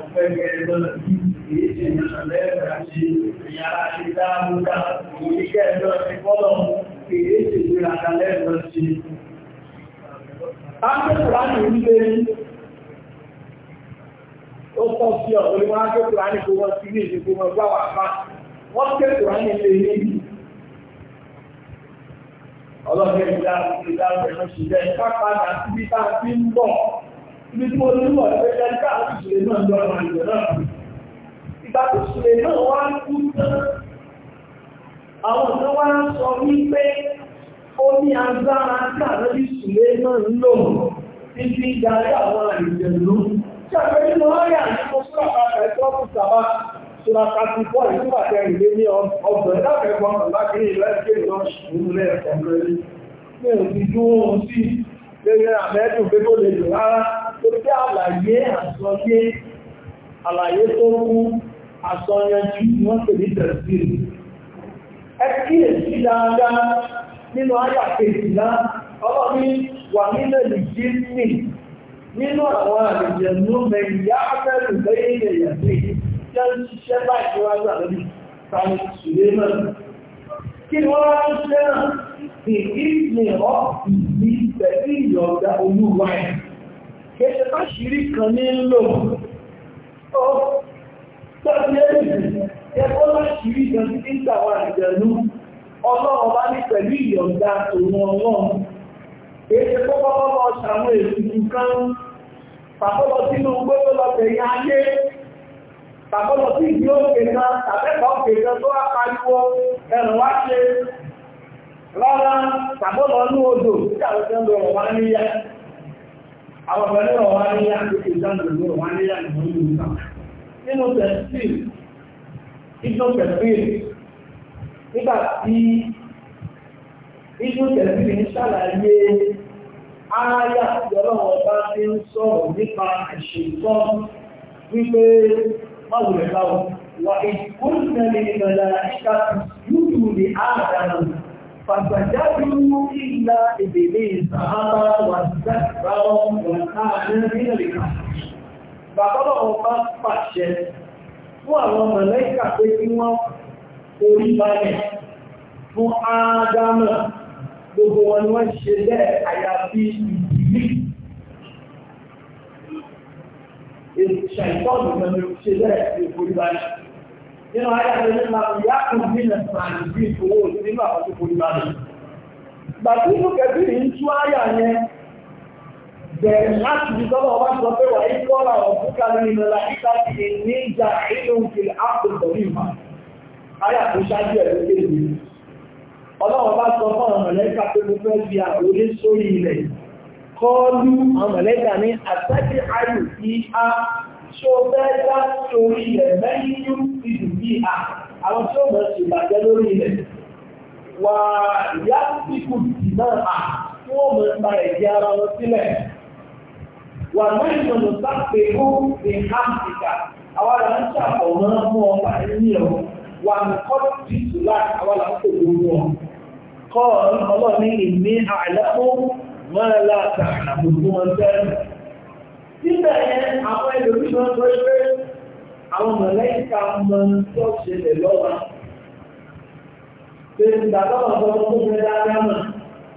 ọ̀pẹ́ ẹgbẹ́ lọ́nà bí èyí ṣe ìrìnàlẹ́ ẹ̀rọ àti ìyára ti dáhùn dá òun ní kẹ́ ẹ̀dọ́ ti fọ́lọ́ kèé sì ní àkàlẹ́ lọ sí ápẹ́kùránì wípé ó pọ̀ sí ọ̀dọ́ wọn ápẹ́kùránì kó wọ́n sí ní ìdíkó wọn gbá wà pa wọ́n kẹ́kùránì lè ní ọlọ́gbẹ́ ìdá ìdá ìrìnà ṣùgbẹ́ pápádà síbi tá a náà wá kú tán àwọn tó wá ń sọ wípé ó ní agbára tí àrẹ́bí sùlé náà ń lò títí darí àwọn àìjẹ̀lú ṣàpẹ́ nínú ọ́yà ní mo sọ àpapọ̀ ẹ̀kọ́ kùsàbá sọ̀rọ̀ àti pọ̀ ìtura kẹrin lé ní ọgbọ̀n lákẹ́kọ̀ọ́ lákìrí ìlẹ́gbẹ̀ẹ́ ìlọ́ṣùn lẹ́ẹ̀kọ̀ọ́ ní òbí dúró sí lẹ́yìn àmẹ́dùn pé kó lè lò rárá tó pé àlàyé àsọyé àlàyé tó kú àsọyanjú ni wọ́n pè ní tẹ̀síìlì ẹkíyè sí dáadáa nínú àyà kejìlá ọlọ́ni wà nílẹ̀ lìjí nì nínú àwọn àrìjẹ̀nú mẹ́yà fẹ́rù lẹ́yìn èèyàn sí jẹ́ ń ṣiṣẹ́ báyìí níwájú àlọ́bí sáré sùlẹ́mọ̀ kí wọ́n wá ń ṣe náà ní ìdílé ọ́ọ̀sì ní pẹ̀lú ìyọ̀dá olúwa kéṣe bá ṣírí kan ní ń lò ó tọ́jú ẹ̀sìn ẹgbọ́ láṣìírí ìjọsí tí ń ọba ìjẹ̀lú ọlọ́run bá ní pẹ̀lú ìyọ̀ǹda tòun ọlọ́run èyí pọ́pọ́pọ́ ṣàwọn èsìkú kan pàpọ́lọ sínú ya pàpọ́lọ sí ìdí òkè kan tàbẹ́kọ̀ọ́ òkè kan tó wá pariwo ẹ̀rùn wá ṣe rárá pàpọ́lọ ní odò tí àwọn ìjọ tẹ̀lifíìrì nígbà tí ìjọ tẹ̀lifíìrì ń ṣàlàyé aráyà ìjọlọ́wọ́ bá ti ń sọ̀rọ̀ nípa ìṣètọ́ wípé máwùrẹ̀ láwọ́ wà ìkúnnẹ̀lẹ̀ ìrọ̀lẹ̀ ìṣà yúdù ní ààrẹ̀ fàgbàjáde mú ìlà ìbèlè ìsàhábà wà zẹ́gbàrọ̀ fún àwọn mọ̀lẹ́kà pé kí wọ́n orí balẹ̀ fún ádámà gbogbo wọn ni wọ́n ṣe bẹ́ẹ̀ àyàfi ìdílé ṣàìtọ́nù náà ni ṣe bẹ́ẹ̀ sí orí balẹ̀ nínú ayáwó ní ma ìyá kan bí nà sàn bí owó nínú àwọn tó orí balẹ̀ gbàtí mú kẹbí ń tú bẹ̀rẹ̀ láti bí tọ́lọ̀ ọba sọ pé wà ní kọ́lá ọ̀fúkà lórí lọ́la ìta ti ní ìjà ìlú ìfìlẹ̀ àpòtò ìmọ̀ ayà tó ṣáájú ẹ̀ ló dé mi ọlọ́wọ́ bá sọ fún àwọn mọ̀lẹ́kà pé mo fẹ́ fi àwòrán sórí ilẹ̀ kọ́ọ́lù àwọn mọ̀lẹ́kà ní àtẹ́jẹ́ ayò kí á ṣó fẹ́ dá sórí ilẹ̀ mẹ́yìnjú ìdù bí a àwọn tí ó mọ̀ sí ìbàjẹ́ lórí ilẹ̀ wà yá síkù dì náà à tí wọ́n mọ̀ ń ba ẹ̀jẹ̀ ara wọn sílẹ̀ ونحن نسبح بحمدك أولا نشاء الله وفعلناه ونقدس لك أولا نقول قال الله إني أعلم ما لا تعلمون Nígbà yẹn, àwọn ẹlòmíràn tó ṣe àwọn mọ̀lẹ́kà mọ tó ṣẹlẹ̀ lọ́wọ́. tó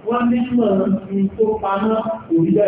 wọ́n tó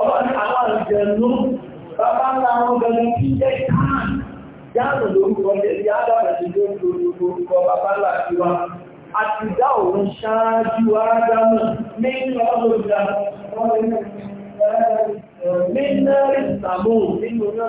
Ọlọ́ni àwọn ìjẹ̀nú, bàbá ńlá àwọn ọgbẹ̀rẹ̀ kí jẹ́ ìtàn, yàtọ̀ lórúkọ jẹ́ bí ádámẹ̀ ti ló ń lórúkọ bàbá ńlá ti wá. A ti dá òun ṣáájú ádámẹ̀ ní ọlọ́gbà mínárì sàmù nínú náà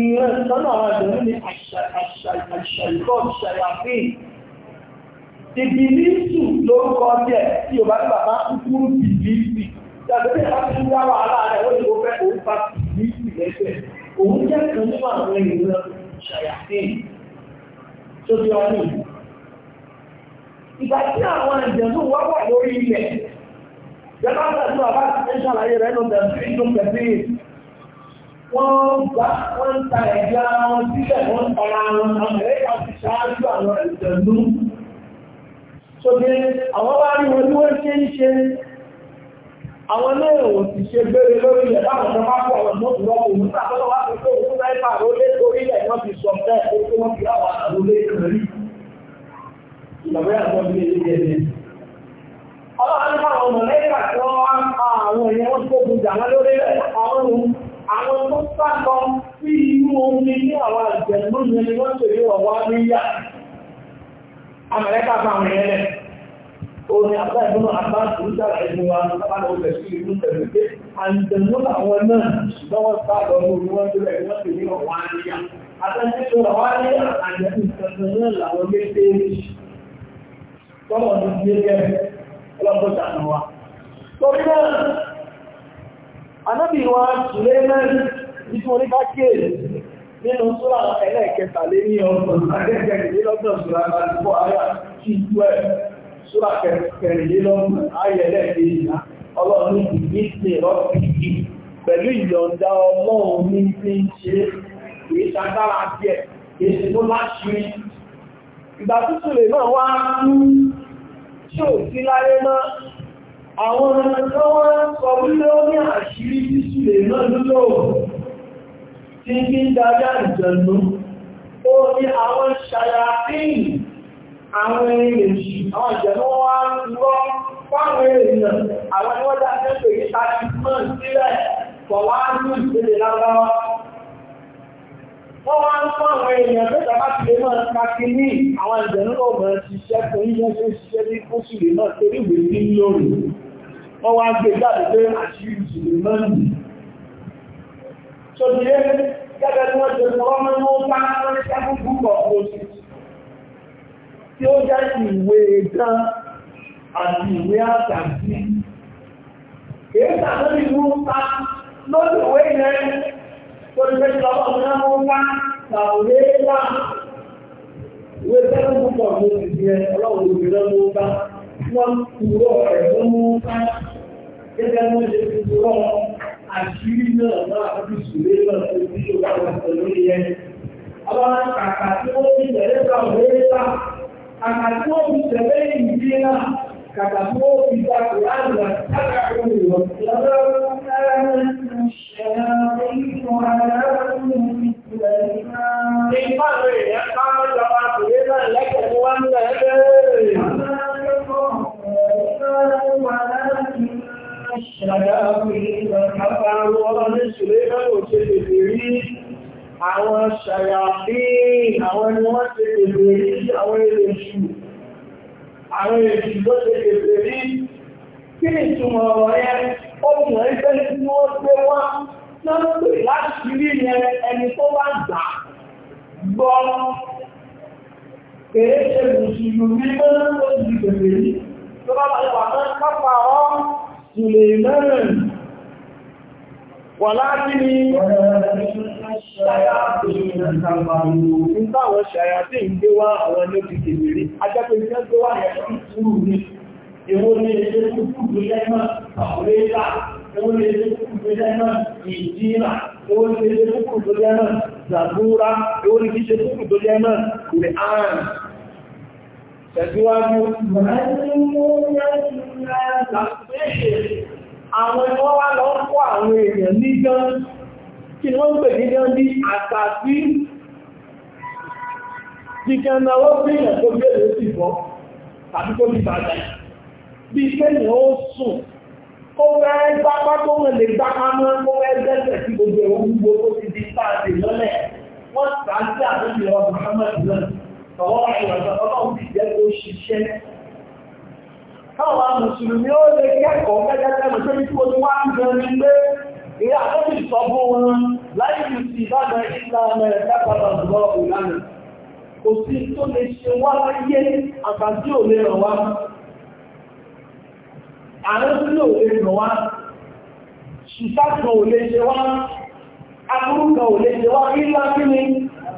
ìran ìtọ́nà àwọn ìdòmí ni àṣàìkọ́ ṣàyàfíì ìbìlísù lórúkọ díẹ̀ tí o bá ní bàbá kúkúrú bìlísì tàbí bá ti ń dáwà aláàrẹ ó lè fẹ́ òun bá bìlísì lẹ́sẹ̀ òun jẹ́ kan nínú àwọn ìran ṣàyàfíì tó di ọdún ìgbà tí àwọn ìjẹ̀mú wọ́pọ̀ lórí ilẹ̀ jẹ́ bá tẹ̀síwá bá ti ń ṣàlàyé rẹ̀ nù tẹ̀sí wọ́n gbá wọ́n ń ta ẹ̀jẹ̀ ara wọn sílẹ̀ wọ́n ń tara wọn àmẹ́ríkà ti ṣáájú àwọn ìjọ̀lú sóbi àwọn bá rí wọn ní wọ́n ṣe ń ṣe àwọn náà ò sì ṣe gbére lórí ilẹ̀ báwọn ọmọ bá pọ̀ ọ̀nà òwúrọ̀ òun sàkọ́lọ́ wá pé òun náírà ló lé torí ilẹ̀ wọ́n fi sọ fẹ́ ó tó wọ́n fi àwọn àlọ́ lé kẹrí ìgbàgbé àgbọ̀ ní ilé ẹ̀dẹ̀ ọlọ́run ní àwọn ọmọ lẹ́yìn àti wọn àwọn èèyàn wọn tó gbùdà wọn lórí àwọn ohun àwọn tó sáàkọ sí inú omi ní àwọn àjẹ̀mú ni wọ́n tèrè ọ̀wọ́ níyà amẹ́ríkà bá wọn yẹn lẹ̀ omi àbáyébúnú àbáṣù ìjára ẹni wa sábàlá ó tẹ̀sí ìlú tẹ̀lé pé àjẹ̀mú àwọn náà ṣùgbọ́n wọ́n sáàkọ omi wọ́n tèrè wọ́n tèrè ọ̀wọ́ níyà àtẹ́sí ọ̀wọ́ níyà àjẹ̀mú ìtẹ̀sẹ̀ náà làwọn méjèèjì tọ́lọ̀ ní anábì wa ṣùlé mẹ́rin ní tí wọ́n ní bá kéèrè nínú súra ẹlẹ́ẹ̀kẹta lé ní ọgbọ̀n agẹ́gẹ́gẹ́lélọ́gbọ̀n súra àtìkọ́ ayà tí ìlú ẹ̀ súra kẹrìnlélọ́gbọ̀n ayẹ̀lẹ́ẹ̀kẹ́ ọlọ́run ní ìgbésẹ̀ rọ́pìtì pẹ̀lú ìyọ̀ǹda ọlọ́run ní ti ń ṣe kìí ṣàgbára díẹ̀ kìí ṣe tó láṣìí ìgbà tútù lè náà wá ń ṣò sí láyé náà àwọn tó wọ́n sọ wílé ó ní àṣírí títù lè náà lúlò tí kí ń dájá ìjọ̀nú ó ní àwọn ṣàyàfíì àwọn èèyàn àwọn ìjọ̀nú wá lọ fáwọn èèyàn àwọn wọ́n dájẹ́ pé ìta ti mọ́ sílẹ̀ pọ̀ wá ní ìpele lábáwá wọ́n wá ń fún àwọn èèyàn tó tàbá ti lè máa kàkí ní àwọn ìjọ̀nú náà mọ̀ ṣiṣẹ́ tó ń yẹ́ ṣe ṣiṣẹ́ ní kóṣù lè wọ́n wá gbé jáde pé àṣírí ìṣẹ̀lẹ̀ mọ́nì tó ti yé gẹ́gẹ́ tí wọ́n ṣe fọ́rọ́ mọ́ ní ó bá ń ṣẹ́kùn púpọ̀ òsì tí ó jẹ́ ìwé gan àti ìwé àtàkì èyí tàbí ìlú ta lórí ìwé yẹn tó ti fẹ́ lọ́wọ́ ní wọ́n wá tàwé wá ìwé tẹ́kùn púpọ̀ òsì yẹn ọlọ́run ìwé lọ́wọ́ bá wọ́n kúrò rẹ̀ ló mú bá gẹ́gẹ́ mú ṣe fi kúrò àṣírí náà náà àbí ṣùgbé náà tó Ìpàdé ìyẹn bá jọba tòlé náà lẹ́kẹ̀ẹ́ wá ń ولكن الشياطين كفروا ونسلنا وتدبرين àwọn ṣàyàfí àwọn ni wọ́n ti kèbè rí àwọn ilé ìṣù àwọn èṣù ló ti kèbè rí kí ni ìtumọ̀ ọ̀rọ̀ yẹn ó mọ̀ ẹgbẹ́ tí wọ́n gbé wá náà pè láti rí yẹn ẹni tó wá gbà gbọ́ kèé ṣe mùsùlùmí mọ́ ó ti kèbè rí tó bá bá yẹwà mẹ́ kápá ọ́ Suleiman wà láti ní ìtàwọn ṣàyà tí ń gbé wá àwọn ẹni ti kèrè rí. Ajẹ́pẹ̀ ìfẹ́ tó wà yẹ̀ sí túrù ní èwo ní ilé kúkú lẹ́mọ̀ àwọ̀lẹ́lá, èwo ní ilé kúkú lẹ́mọ̀ ìdíra, èwo ní ilé kúkú lẹ́mọ̀ zàbúrá, èwo ní ilé kúkú lẹ́mọ̀ kùrẹ̀ ààrùn. Tẹ̀síwájú. Àwọn ẹ̀wọ́ wá lọ ń kọ́ àwọn èèyàn nídán, kí wọ́n ń pè nídán ní àtàtí, jíkẹ́ náwó sí ìyàn tó bèèrè sí bọ́, tàbí tó bí bàjá. Bí kẹ́yìn ó sùn, ó fẹ́ gbápá tó wọ́n lè gbápá mọ́, ó fẹ́ gbẹ́sẹ̀ sí gbogbo ẹ̀wọ̀n gbogbo tó ti di sáàdì lọ́lẹ̀. Wọ́n sàájì àtúnṣe ọdún Ọwọ́ àìwọ̀sán ọlọ́run ti mùsùlùmí ó lè kẹ́kọ̀ọ́ kẹ́kẹ́kẹ́mù tó tí ó ti wá ń gan ní pé ìyá àtọ́bì sọ bó wọn láì lù sí ìbádà ìlànà ẹ̀dápadà lọ ìlànà kò sí tó lè ṣe ò lè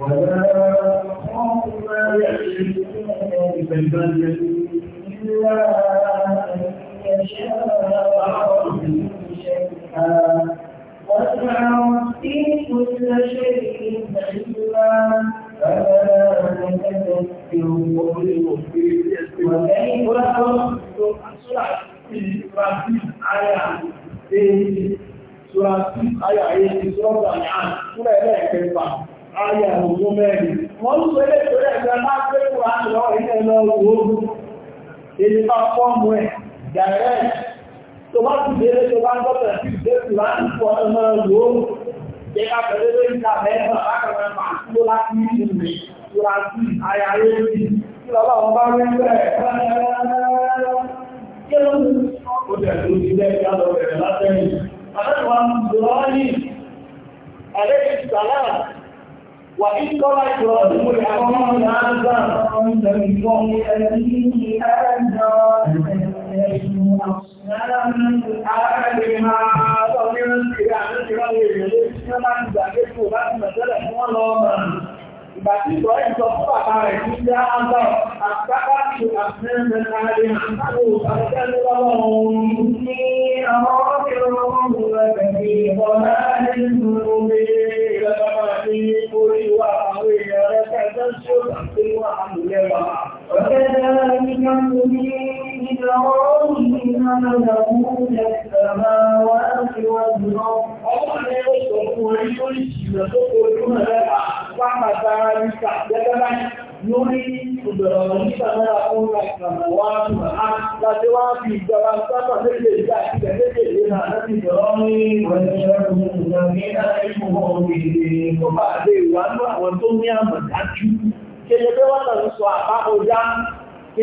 ولا أخاف ما يشركون ببدن إلا أن يشاء ربي شيئا وسع في كل شيء علما فلا تتذكر وكيف تصدق Surah 6 ayat 8 Surah Al-An'am Surah 11 ayé àwòrán mẹ́rin. Wọ́n ń pẹ́ lẹ́tọ́ ẹ̀gbẹ́ máa ń pẹ́ wà lọ ilẹ̀ lọ wo èdè bá fọ́ọ̀mù ẹ̀ direct. Tó bá ti bèèrè tó bá ń gbọ́dọ̀ sí ìgbésù láti fọ́ ọmọ wo jẹ́ ká pẹ̀lú lórí ìta mẹ́fà lákàrà máa ń tó láti ní ìlú mi tó láti ayé ayé mi. Kí lọ́wọ́ àwọn bá rí bẹ́ẹ̀ kí ló ń kó tẹ̀ lórí lẹ́yìn lọ́dọ̀ bẹ̀rẹ̀ látẹ̀yìn. Àbẹ́rẹ̀ wa ń dọ̀ọ́ ní àlẹ́ ìsàlá وإن إبراهيم الحكيم عذرا من قوم أبيه آذرا أصناما آلهة Ìgbà tí fún bàbá rẹ̀ ní ilé Áńdà, àtàkà ti àfihàn ààrẹ àtàkù àtàkù lọ́wọ́ òun ní àwọn ọ̀rọ̀ ẹ̀mí ọ̀nà nínú omi ìrẹ́lọ́mà ní orí wa àwọn èèyàn rẹ̀ kẹta tí ó bá ti wà àmúlẹ́wà. Ọ̀tẹ́ كرامه ملكوت السماوات والأرض Lórí ìbẹ̀rọ̀ nígbà náà fún àìsànàwà àtùmà láti wá fi ìjọba sábà léde ìjà àti ẹ̀lẹ́dẹ̀ ìlera láti ìjọba ní ìwọ̀n ìjọba ní àìmọ̀ òmìnirin tó bá dé ìwánú àwọn tó ní àmà dájú. Kèlè pé wọ́n tàbí sọ àbá ọjá, kí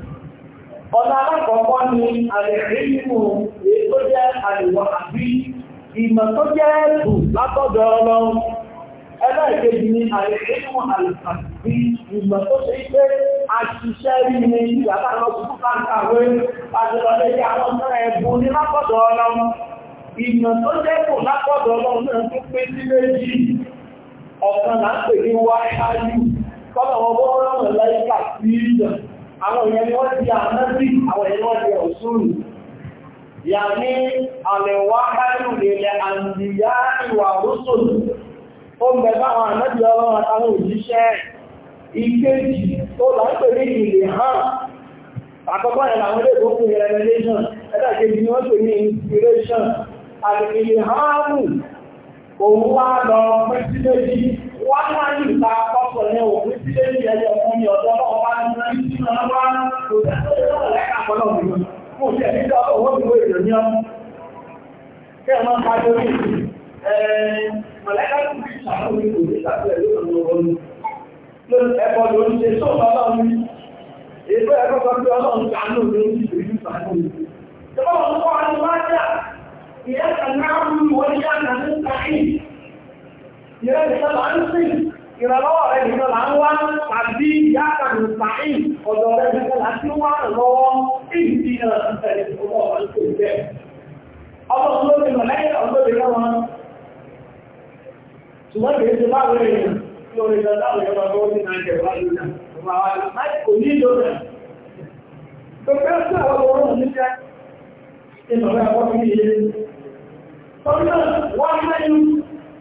ọ̀nà alákọ̀ọ́kọ́ ni àrẹ̀rẹ̀mù èyí tó jẹ́ àríwá àbí ìmọ̀ tó jẹ́ ẹ̀bù látọ̀dọ̀ ọlọ́run ẹgbẹ́ ìkejì ni àrẹ̀rẹ̀mù àlùfàbí ìmọ̀ tó ṣe pé àṣìṣẹ́ rí ni ìgbàgbà lọ sí fúnka kàwé àjọyọ̀ lẹ́yìn àwọn ọmọ ẹ̀bù ní látọ̀dọ̀ ọlọ́run ìmọ̀ tó jẹ́ kò látọ̀dọ̀ àwọn èèyàn ni wọ́n ti àmẹ́sì àwọn èèyàn wọ́n ti ọ̀ṣúrù yà ní àmẹ́wà káyùlélẹ̀ àndìyà ìwà rúsùlù ó mẹ́bá àwọn àmẹ́bí ọlọ́run àtàwọn òjíṣẹ́ ìkéjì tó láńpẹ̀ ní ìlè hàn àkọ́kọ́ ẹ̀lá àwọn ilé ìgbókùn revelation ẹ̀dàkejì ni wọ́n inspiration àti ìlè hàn òun wá lọ pẹ́ wọ́n máa ń ìta àpapọ̀ ní òfin sí lé ní ẹyẹ fún mi ọ̀dọ́ náà wá ní ní sí máa wá kò tẹ́lẹ̀ náà lẹ́ka àpọ̀lọ̀ mi kò sí ẹ̀mí tó ọkọ̀ wọ́n ti wọ́n ní ọmọ kẹ́ ẹ̀ máa ń kájọ ní mọ̀lẹ́ka tó fi ṣàkóso ní kò sí ìtàkùn ẹ̀lú ọ̀rọ̀ lórí ẹ̀kọ́ ló ń ṣe tó bàbá mi èdè ẹ̀kọ́ tó fi ọlọ́run ṣàánú ló ń ṣe ìlú ṣàánú mi. Ìjọba ọ̀pọ̀ àti wájà ìyá kan náà ń wọlé àgbà ní ìrẹ́nìkan là ń sìn ìrànlọ́wọ́ rẹ̀ nìkan ń wá tàbí yákàtà sàáìn ọ̀dọ̀ rẹ̀ nìkan là ti wá lọ́wọ́ ìdí náà ẹni tó wọ́n wá ń pè bẹ́ẹ̀. ọlọ́run ló ti mọ̀ lẹ́yìn ọ̀dọ́ ìrẹ́ wọn ṣùgbọ́n kì í ṣe báwo èèyàn tí ó lè lọ dáwọn ìjọba tó ní náà jẹ̀ wáyé náà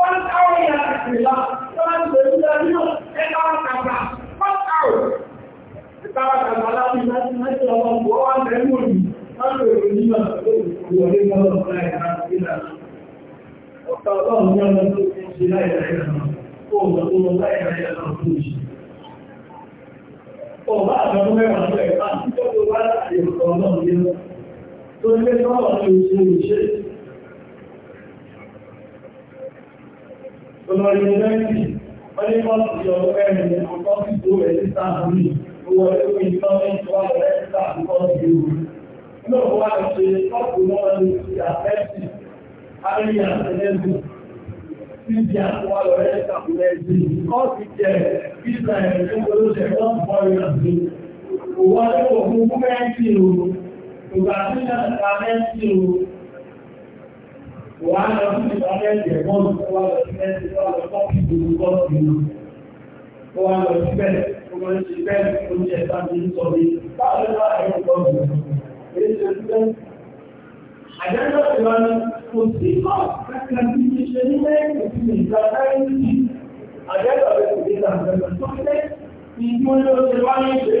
one thousand naira ìlà one thousand naira ẹ̀ka kàkà one thousand. ẹ̀ka kàkà láti láti láti ọmọ ọgbọ wa ń tẹnu òní wọn lè rò nígbà tó wọlé wọn lọ fún ẹ̀ka ìlà. ọ̀pọ̀ ọlọ́run ní ọmọ tó ti ṣe láìláì náà kó o lọ tó lọ láìláì náà olórí lẹ́yìn wọ́n ní wọ́n ti yọ ẹ̀rìn ọkọ̀ sí tó ẹ̀sítà àmì owó ẹ̀kọ́ ìtọ́ni ìwà ẹ̀sítà àkọ́ sí ìlú inú òkú wa ṣe tọ́pù wọn ní ti àfẹ́sì àríyá ẹlẹ́gùn sí ti àkọ́ ọ̀rẹ́ ìtàkùnlẹ́sì kọ́ sí jẹ ìgbà ẹ̀rìn olóṣẹ̀ wọ́n pọ̀ ìrìnàjò òwò ẹ̀kọ́ òkú mẹ́rin sí ìlú ìgbà wà lọ sí ìbáfẹ́ẹ̀dì ẹ̀gbọ́n tó wà lọ sí ẹ̀sì tó wà lọ sọ́ọ̀kì gbogbo gọ́ọ̀sì nù tó wà lọ sí bẹ́ẹ̀ tó wọ́n ṣe bẹ́ẹ̀ tó ń ṣe ẹ̀ta ní sọ ní báwo ló wà ẹ̀rọ gọ́ọ̀sì nù èyí ṣe sí bẹ́ẹ̀. àjẹ́jọ́ ti wá ní kò sí kọ́ kẹ́kẹ́ bí ti ṣe ní mẹ́rin kò sí ìgbà káyọ̀tì àjẹ́jọ́ rẹ̀ kò dé làǹfẹ̀ẹ́ tó fẹ́ ìgbó ló ṣe wá ní ìṣe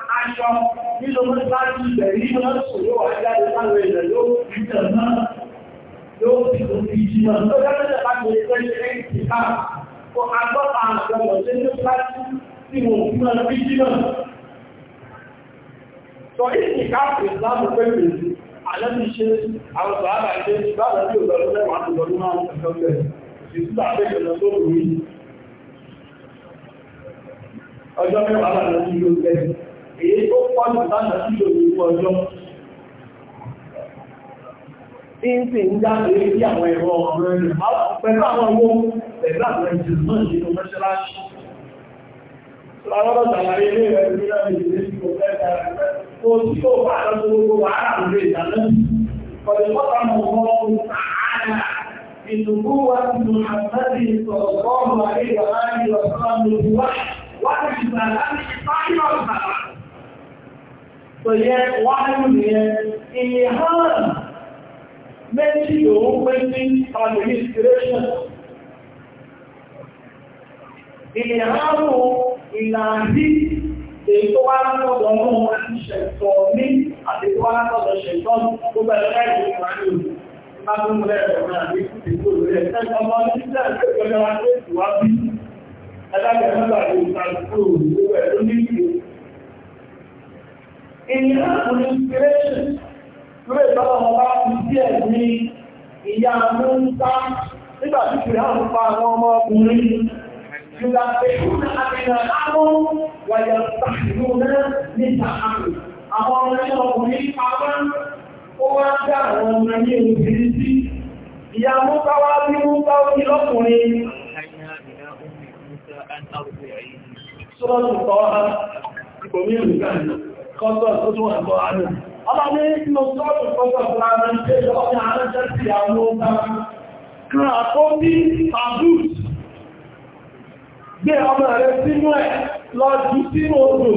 aṣọ nílò láti ìbẹ̀rí ọjọ́ mẹ́wàá lọ́dún yóò bẹ̀rẹ̀ èyí tó pọ̀ jù lánàá sí òyìnbó ọjọ́ ìsì ń jáde sí àwọn ẹ̀rọ ọ̀rọ̀ ẹ̀rọ pẹ̀lú àwọn owó pẹ̀lú àwọn ẹ̀jù náà nínú mẹ́ṣáláṣí Ọlọ́dọ̀ tàbí ilé rẹ̀ ní láti ìdílé tí kò fẹ́ dára rẹ̀. Kò sí ò bá àjọ́ gbogbo wàhálà lórí ìdáná. Kọ̀lẹ̀kọ́ta mọ̀ ọmọ ààrẹ ìdùnkú wa ti mọ̀ àtàrí ìsọ̀rọ̀ ọmọ àríwá àríwá sọ́lá lórí wá. Wá ti gbà láti ìpáyọ̀ bàbá tó yẹ wáyé nìyẹn ìhàn méjì òun pé sí administration ìhàrù ìlàdí ètò alákọ̀ọ́dọ̀ ọmọ àti ṣẹ̀tọ̀ ní àtètò alákọ̀ọ́dọ̀ ṣẹ̀tọ̀ tó bẹ̀rẹ̀ láìpẹ́ ìwàlú ìmájúmọ̀lẹ́ ẹ̀rọ àti ìpò rẹ̀ ẹ̀kọ́ ọmọ ní ìjẹ́ ìpẹ́kọ̀ọ́dọ̀ wá sí ìwábí ẹ̀dàgbẹ̀rẹ̀ Ìyá àwọn inspiration, lórí ìtọ́lọ̀ wọn bá fi sí ẹ̀mí ìyá Mọ́ńtá nígbà tí ìrìn àwọn pa àwọn ọmọ ọkùnrin. Ìlà pẹ̀lúnà àmìnà lámọ́ wàyà pàṣẹlúnà níta àmì. Àwọn ọmọ ẹ̀yà ọkùnrin pàwá, ó wá dá àwọn ọmọ ní òbí sí. Ìyá Mọ́ńtá wá bí Mọ́ńtá kọ́tọ̀ tó tún wà bọ́ àánú. Ọba ní inú sọ́ọ̀tù kọ́tọ̀ tó lára ń pè lọ ní àárẹ́ jẹ́ sí àwọn ọba. Kíra tó bí Fabus gbé ọmọ rẹ̀ sínú ẹ̀ lọ jù sínú odò.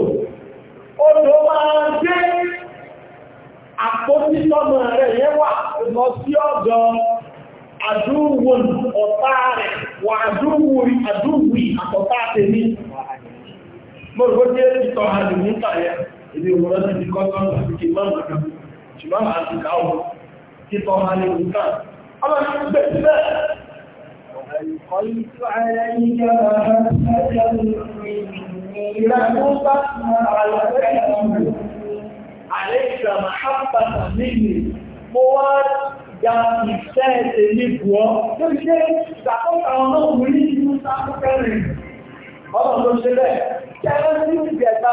Odò máa gbé àpótí sọ́mọ rẹ̀ yẹn wà lọ sí ọ̀dọ̀ àdúwòn ọ̀tá rẹ̀ wà àdúwòrí àdúwì àtọ̀tá tèmi. Mo rò ó jẹ́ ìtọ̀ àdùnmí kàyẹ̀ ilé ìwọ̀n náà ti kọ́tọ́ àti máa nàkà ṣùgbọ́n àti káwọ̀ títọ́ ha ní ìta ọmọ ìgbẹ̀ bẹ́ẹ̀ قلت عليك مهزة مني عليك محبة مني مواد ya ìfẹ́ èlé bùọ́ tó ṣe ìsàkọ́ta ọmọ òmìnirí ìlú sáàkọ́kẹ́rin ọmọ tó ṣe bẹ́ẹ̀ kẹ́rẹ́ sí ìjẹta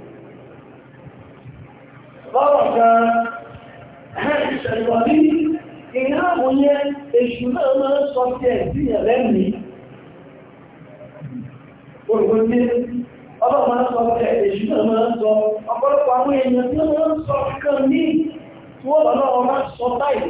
lọ́rọ̀ gan ìṣẹ̀lọ̀ ní ìyá àwọn èṣù náà máa sọ sí ẹ̀sìn lẹ́mìí olùgbé ọlọ́run máa sọ sí èṣù náà máa sọ ọ̀pọ̀lọpọ̀ àwọn èèyàn tí wọ́n sọ kan ní tí wọ́n lọ́wọ́ máa sọ báyìí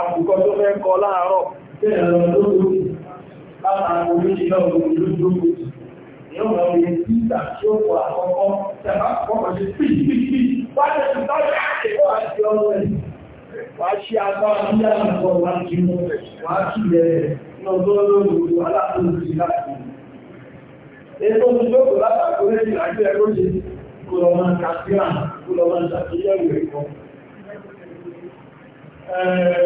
àbùkọ tó fẹ́ kọ láàárọ̀ Wà ṣí agbára ní àpọ̀ láti mú wà kí lẹ́rẹ̀ lọ́gbọ́n lórí aláàrùn sí láti. Ètò ìjọ́kò látàkó lẹ́yìn àjọ ẹgbẹ́ ṣe kò lọ máa kàfíà kò lọ máa ṣàtúnyẹ̀wò ẹ̀kọ́. Ẹ̀ẹ̀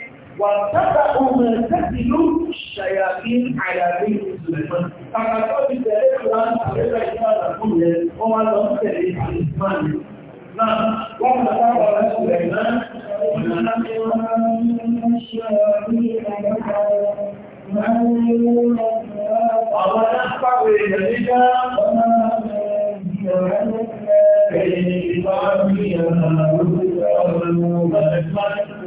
واتبعوا ما تتلو الشياطين على بيت سليمان فقد قد القرآن عليك إشارة كله وما لم تلي نعم. سليمان نعم وما تبع سليمان Thank you.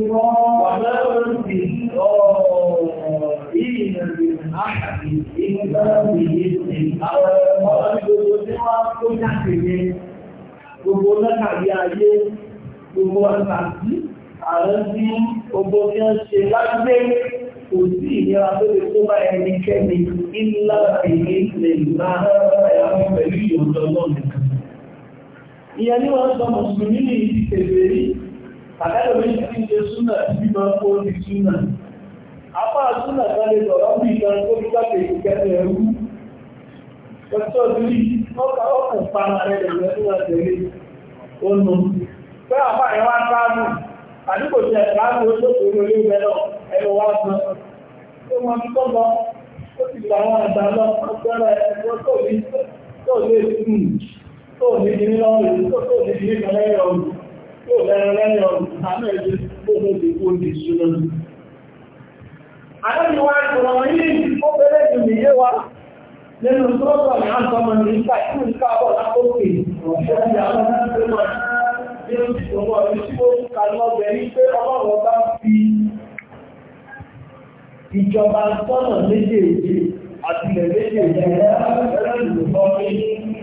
ومن في الضالين من أحد إلا بإذن الله Gbogbo lẹ́kàrí ayé, gbogbo àtàkì, ààrẹ tí gbogbo tí ó ṣe lágbé kò sí ìnira tó lè tó bá ẹnikẹ́ni ńlá èyí lè máa ẹ̀yàwó pẹ̀lú ìyọ̀dọ̀ lọ́nà. Ìyẹn ni wọ́n sọ Mùsùlùmí ní ìdíkẹ̀ẹ́ Tàbẹ́lò mi ti ń ṣe súnà bí máa ń kó ní súnà. Apá súnà kan lè sọ̀rọ̀ bí ìkan tó bí jáde ìkẹ́lẹ̀ ẹrú. Pẹ̀tọ́ ìlú ọkà ọkùn para rẹ̀ lẹ́gbẹ́ tó wà tẹ̀lé ọ̀nà. Pé àpá ẹ̀ wá káàmù, àdúgbò ti ẹ̀ káàmù ó lóṣù orí ibẹ̀ lọ, ẹ̀rọ wá san. Ó mọ bí tó lọ, ó ti gbà àwọn àgbà lọ, ọgbẹ́rẹ̀ ẹ̀rọ tó lè tó lọ́rùn, tó tó lè ní tó lẹ́rẹ̀ lẹ́yìn ọdún tàbí ẹ̀jẹ̀ gbogbo ìdíkò ní ìṣúná. Àdájúwá ìgbọ̀nà yìí ó bẹ̀rẹ̀ jù níyé wa nínú sọ́tọ̀ ní àtọ́mọ̀ ní ìgbà tí ó ń káàbọ̀ lápòkè ọ̀ṣẹ́ ti àwọn ọmọ nínú ìṣòro ọ̀rẹ́ tí ó ń ka lọ́gbẹ̀ ní pé ọlọ́run bá fi ìjọba sọ́nà méjèèjì àtìlẹ̀ méjèèjì ẹ̀rẹ́ ìlú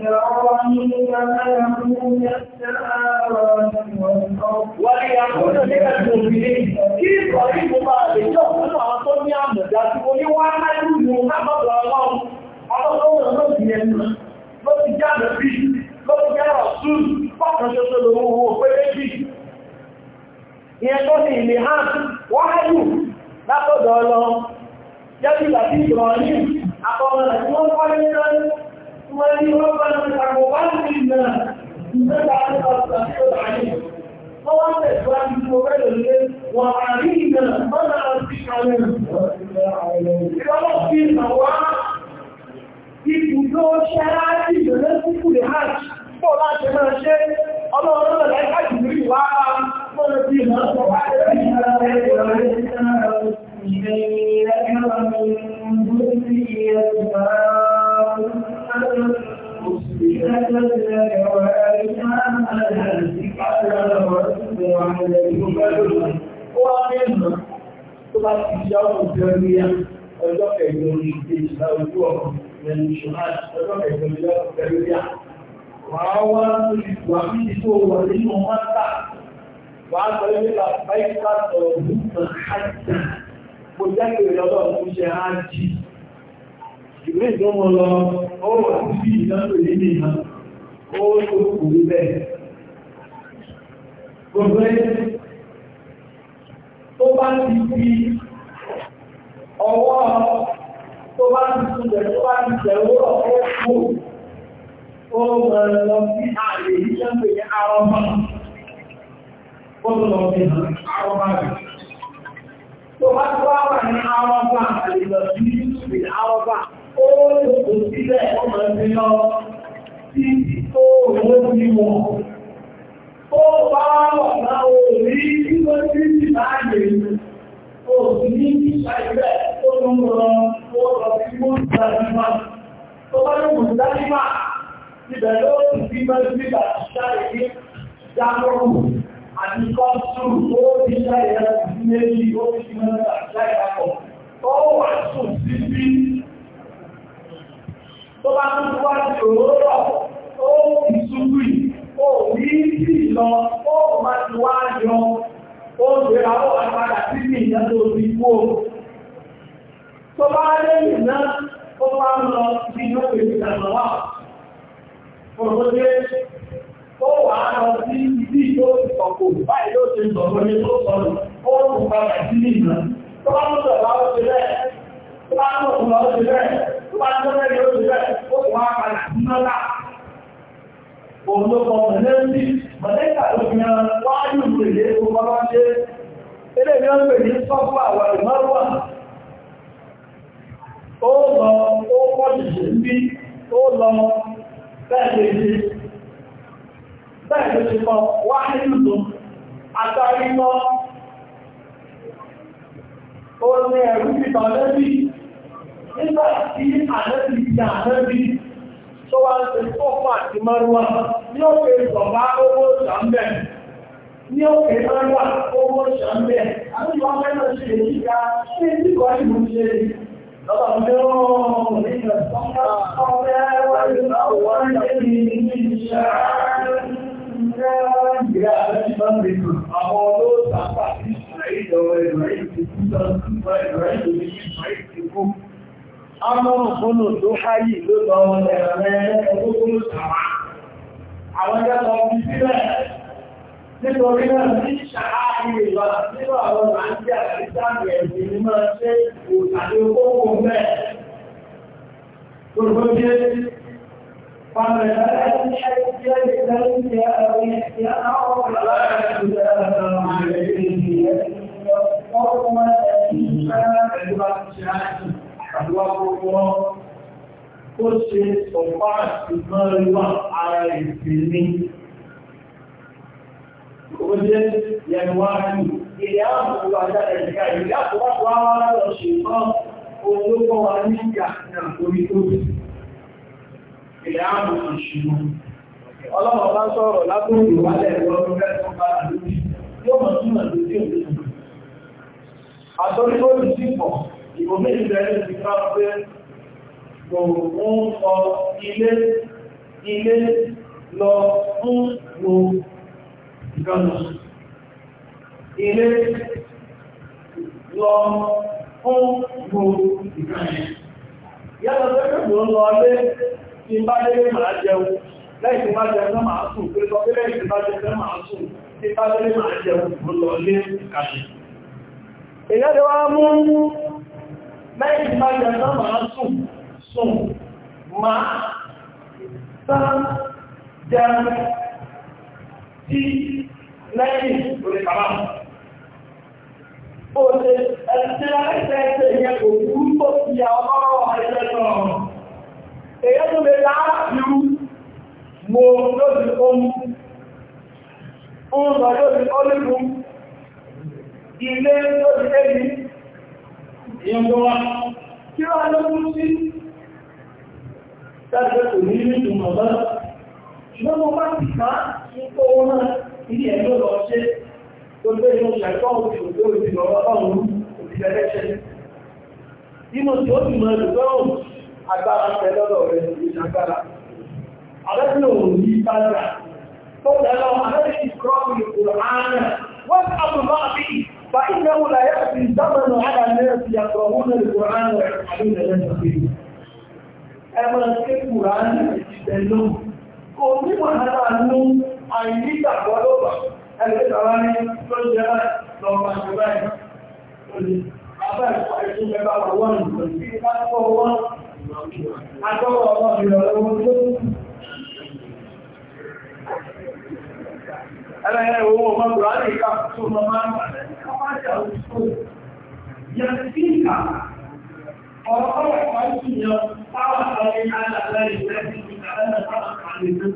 Wọ́n yà kúrò ní ẹgbẹ̀rún obìnrin, kí ìkọ̀rí mú bá lè jọ Ìyẹn tó ní ilé hàn, wọ́n á lù lábọ̀dọ̀ ọlọ́run, jẹ́ وأن ربنا تقبل منا إنك أنت السميع العليم فوانت إخواني المبادر الليل وعلينا من أرسيك علينا ربي الهواء ibùdó ṣẹ́ráàtì ìrẹ́lẹ́ púpù lè hajj pọ̀ láti máa ṣe ọlọ́rọ̀ lọ́lẹ̀ láti rí ìwà mọ́nà tí ìmọ̀ ọ̀pọ̀ wá lẹ́yìn ìrẹ́lẹ́ ìrẹ́lẹ́ ìrẹ́lẹ́ ìrẹ́lẹ́ ìrẹ́lẹ́ مسلمة لك وأرحمها ذكرى وأرد عليك فلولا وأرحمها tó bá ti jẹ́ ọmọ ìjọríyà ọjọ́ kẹjọ orí ìgbésà ojú ọ̀rọ̀ lẹ́nu ṣùgbọ́n ọjọ́ kẹjọ orí ìjọríyà wà wá lórí wà ní ìtò wà nínú mọ́ta wà sọ ilé la báyìí ká sọ̀rọ̀ bùkún àjà mo jẹ́ kí ìrọ̀lọ́ ọ̀hún ṣe á jì ìwé ìjọmọ̀ lọ ọwọ́ sí ìdánlò nínú ìhà ó tó kù rí bẹ́ẹ̀ gbogbo tó bá ti fi ọwọ́ tó bá ti túnbẹ̀ tó bá ti tẹ̀wọ́ ọkọ̀ kú ó mọ̀rẹ̀ lọ sí ààrẹ ìjọ́pẹ̀ ní arọ́mà ó lọ sí arọ́mà rẹ̀ tó bá tó wà ní arọ́mà àti lọ sí ìrìn arọ́mà ó lòkò sílẹ̀ ọmọ ẹgbẹ́ lọ sí tó owó ní wọn. Ó bá ọ̀nà orí tí ó ti ti láàyè ó sì ní ìṣà ìbẹ̀ tó ń lọ ó lọ sí mọ́ta nípa. Tó bá ní mọ̀ta nípa, ibẹ̀ ló ti fi mẹ́rin nígbà ṣá ìdí dámọ́rù àti kọ́sù ó ti ṣá ìrẹsì méjì ó ti mẹ́rin àṣá ìpapọ̀. Ó wà sùn sí bí tó bá tún wá sí òwúrọ̀ ó ti ṣubú yìí ó ní sí lọ ó má ti wá yọ ó gbéra ó wà padà sí ní ìyá tó ti kú o tó bá lẹ́yìn náà ó wá ń lọ sí inú pèsè àná wà òṣèlú ó wà á lọ sí ibi tó ọkọ̀ báyìí ló ṣe sọ̀rọ̀ ní tó sọ̀rọ̀ ó tún padà sí ní ìlú tó bá tún sọ̀rọ̀ ó ṣe olóko mẹ̀lẹ́ndì mọ̀lẹ́kà ló fi hàn wáyù ṣe eré ní wọ́n pèlè sọ́fà wà ìmọ́rùwà ó lọ ó pọ̀ ṣìṣẹ́ bí ó lọ bẹ́ẹ̀ ṣe bẹ́ẹ̀ ṣe tó wá ń ṣe fọ́fà àti márùwá ní òkè ìjọba owó ìṣàmbẹ̀ ní òkè márùwá owó ìṣàmbẹ̀ àti ìwọ́n mẹ́rin ṣe èyí ká ṣe ìdíkọ̀ ìlú ṣe lọ́wọ́ mẹ́rọ̀ọ́rùn ní ìgbẹ̀sọ́nà ọ̀rẹ́ wà ní ọwọ́ Àwọn olóòtú àpapọ̀ ìṣẹ́ ìjọba ìrìn ìṣẹ́ ìjọba ìrìn ìṣẹ́ amúrùkúnù tó háyì ló lọ Nítorí náà ní ṣàárí ìwà nínú àwọn àjíjà àríṣàmì ẹ̀sìn ní máa ṣe òtàdé owó mẹ́. Gbogbo bí i pàmì ẹ̀rẹ́ ní ẹgbẹ́ ìgbẹ́ ìgbẹ́ àwọn ọ̀pọ̀lọpọ̀ àdúrà gbogbo wọn ó ṣe ọ̀pá àti mọ́rẹ́wà ara ìpè ní ó jẹ́ yẹnuwájú ilẹ̀ àbúrò ajára ìgbà ìlú àpòwàpò àwọn aláwọ̀ ṣùgbọ́n olóko wa ní ìgbà náà orí tó bì ilẹ̀ àbúrò ṣùgbọ́n ọlọ́wọ́ bá sọ̀rọ̀ lábúrò ìwálẹ̀ ìwọ́n mẹ́sàn-án bá àdúgbò yóò mọ̀ sí mọ̀ lójú òṣèlú àtọ́rí ó ti sí pọ̀ ìbò méjì bẹ̀rẹ̀ ti ká pé kò ń kọ ilé ilé lọ fún wo ìgbàlù ilé lọ fún wo ìgbàlù yàtọ̀ sẹ́kẹ̀ mò ń lọ ilé tí bá lé màá jẹun lẹ́yìn tí bá jẹun náà màá sùn pé lọ pé lẹ́yìn tí bá jẹun náà màá sùn tí bá lé màá jẹun lọ ilé kàṣẹ̀ lẹ́yìn tí máa jẹ́ sán máa sùn sùn máa sán jẹun tí lẹ́yìn lórí bàbá ó ṣe ẹ̀ṣẹ́ ẹ̀ṣẹ́ ìyẹn kò burú tó fi àwọn ọmọ ẹ̀ṣẹ́ náà èyẹ́ tó ilé lóbi ẹni èèyàn tó wá kí wá lọ́dún sí dájọ́ kò ní ní ìtumọ̀ bá ṣùgbọ́n mo bá ti ká ní kó wọn náà ilé ẹ̀ ló lọ ṣe tó gbé inú ṣàkọ́ òṣù tó ti lọ ọlọ́run òṣìṣẹ́ lẹ́ṣẹ́ nínú tí ó sì mọ ẹlùgbọ́n agbára tẹ lọ́dọ̀ rẹ̀ ìṣàgbára àbẹ́sìn òun yí bára tó tẹ́lọ àbẹ́sìn kúrọ́pù ìkùrọ̀ ààrẹ wọ́n ti فإنه لا يأتي زمن على الناس يقرؤون القرآن ويحفظون لنا فيه أما القرآن يستنون كل ما هذا النوم أن يتقوى لبا القرآن يقول جمال لو ما شبه أبا يقول جمال أولا في أقوى الله أقوى الله إلى الأول أنا هنا هو ما قرآن يكفر ثم ما fata usko yasika Orang-orang pasti yang tahu dari anak dari Nabi kita ada sama kali itu.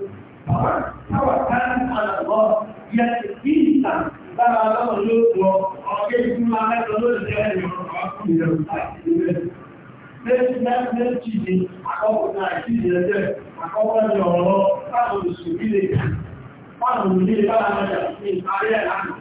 Tawakan pada Allah yang kita dalam lulu orang yang mana lulu dia yang orang yang tak. Mẹ́sìnlẹ́ mẹ́sìnlẹ́ àkọ́kọ́ náà ìdíjẹ́ jẹ́ àkọ́kọ́ ní ọ̀rọ̀ táwọn òṣèlú ilé táwọn òṣèlú ilé bá láwọn ìjàpín àárẹ̀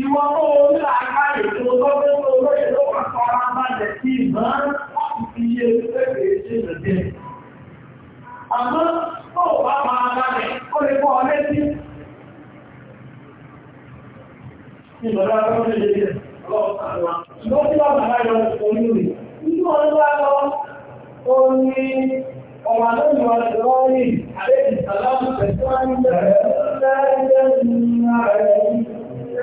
ìwọ̀n tó orí àkáyè tó lọ́gbẹ́ tó lóyè ló wà sọ́ra bàjẹ́ sí ìmọ̀ láti fi iye pẹ́pẹ́ ṣe lọ́jẹ́. Àmọ́ tó bá máa balẹ̀ ó lè kọ́ ọ létí. Ìbọ̀dá tó lè lè jẹ́ ọlọ́ọ̀ta wa. Ṣùgbọ́n tí wọ́n bàbá yọ orí rẹ̀, nínú ọdún wa lọ, ó ní ọmọ lónìí wọn ti wọ́n rí àlejò sàlámù tẹ̀síwájú bẹ̀rẹ̀ Ibi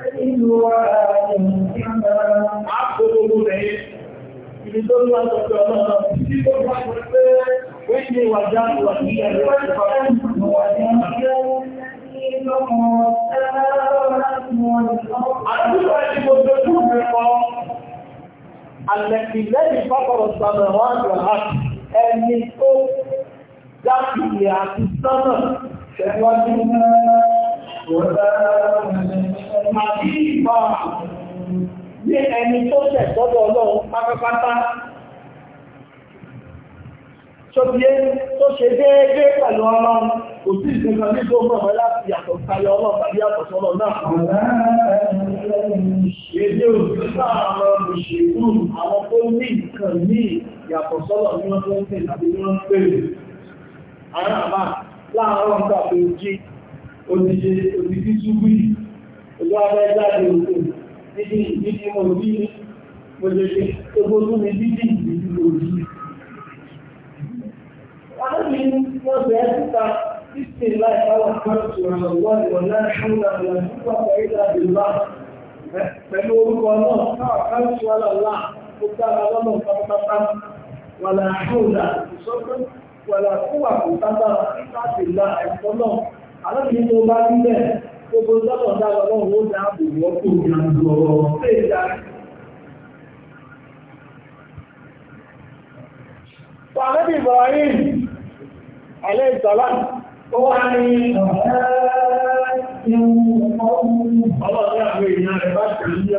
tó ní àtọ́jọ́ ọlọ́rọ̀ tí ó bá ń pẹ́ wọ́n ní wà jáde wà ní ẹ̀rọ ìpàdé wà ní ọjọ́ ìlọ́mọ̀ Àdúgbà ti mo tó tó rẹ̀kọ́, àlẹ̀kì lẹ́yìn pápọ̀rọ̀ sàmà wọ́n àjọ̀ àti ẹni tó dákìlẹ̀ àti sánà Ní ẹni tó tẹ̀ sọ́dọ̀ ọlọ́run pátápátá, tó bí é tó ṣe déédé pẹ̀lú ọlọ́run, kò sí ìsinmi ní tó mọ̀ láti yàtọ̀ sáyẹ ọlọ́run tàbí yàtọ̀ sọ́lọ́ náà. Èdè òjú sáàrọ̀ òṣèlú àwọn tó ní nǹkan ní yàtọ̀ sọ́lọ̀ ní wọ́n tó ń pè láàárọ̀ ń tàbí ojí òdíje òdíjí súgbì ìlú abẹ́jáde òkú níbi ìdíjí mo bí mo lè ṣe egbó tún mi dídí ìdíjí òjí Adébí wọ́n bẹ̀ẹ́ síta títí láì fáwọn kọ́ọ̀tù ọ̀rọ̀ ìwọ̀n náà ṣúgbà ìlànà púpọ̀ ìlàdì lá pẹ̀lú orúkọ náà káà kọ́ọ̀tù ọ̀rọ̀ lá gbogbo àwọn ọlọ́mọ pátápátá wà láàárọ̀ ìsọ́kùn wàlá fún àkótágbà láti la ẹ̀kọ́ náà alábìyí tó bá rí bẹ́ẹ̀ gbogbo sọ́dọ̀ dára lọ́wọ́ ó dá àbò wọ́pọ̀ ìrìnàjò ọ̀rọ̀ ṣe é dáa. Fàlẹ́bì Ibrahim, alẹ́ ìsọ̀lá, ó wá ní ọ̀rọ̀ ní àwọn èèyàn rẹ̀ bá ṣe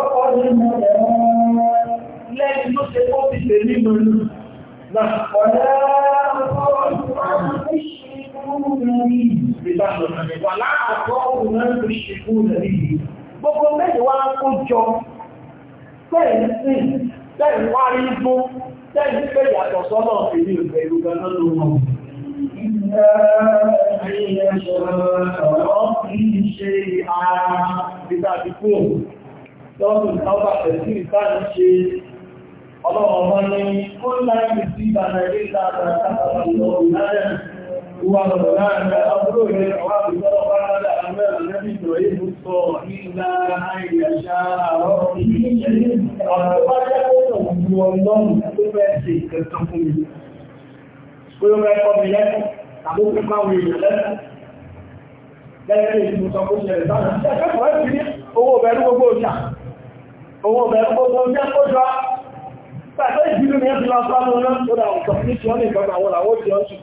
Ọkọ̀ nínú ẹ̀rọ lẹ́yìn tó ṣe kó ti ṣe nínú ìlú. Ọ̀dá ọkọ̀ Gbogbo mẹ́jọ wá kó jọ, tẹ́ẹ̀ sí, tẹ́ẹ̀ wá rí gbó, tẹ́ẹ̀ sí pé yàtọ̀ sọ́nà ìlú ìfẹ́ ìlú ganá ló mọ̀. Ìgbà ayé ẹ̀ṣọ́ ọ̀rọ̀ kìí ṣe ara ìgbà àdìkú òun lọ́dún ìtàwà pẹ̀lú ìtàní ṣe ọlọ́ọ̀mọ́ ní kó láìpì sí ìbànà ilé ìtàkàtà àtàkàtà lọ́dún láàrín ìwà lọ́dún láàrín àbúrò ilẹ̀ ọwà ìtọ́lọ́ bá rádà àmẹ́rẹ̀ lẹ́bí ìjọ ìlú sọ nígbà àìyàṣà àwọn ìgbìyànjú Lẹ́yìn ìlú sọ fún ṣẹlẹ̀ sáàrùn, ṣẹ́kẹ́ fọ́ ẹ́ sí ní owó ọ̀bẹ̀rún gbogbo òṣà owó bẹ̀rẹ̀ gbogbo ń jẹ́ kójọ pẹ̀lú ìjìnlẹ̀ ní ẹ̀sìn lọ́sọ́ ní tó dà tó sì délé tútù jùlù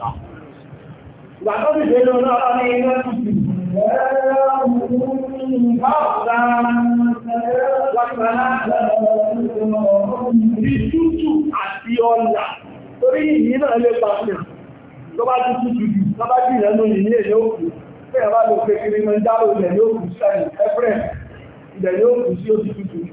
tó bá jìnà ní ìyí èyí òkú pé ẹ̀rọ lò kékeré mọ́ ń dárò ilẹ̀ yóò kù sẹ́yìn ẹ̀fẹ́ ilẹ̀ yóò kù sí òtútù jùlù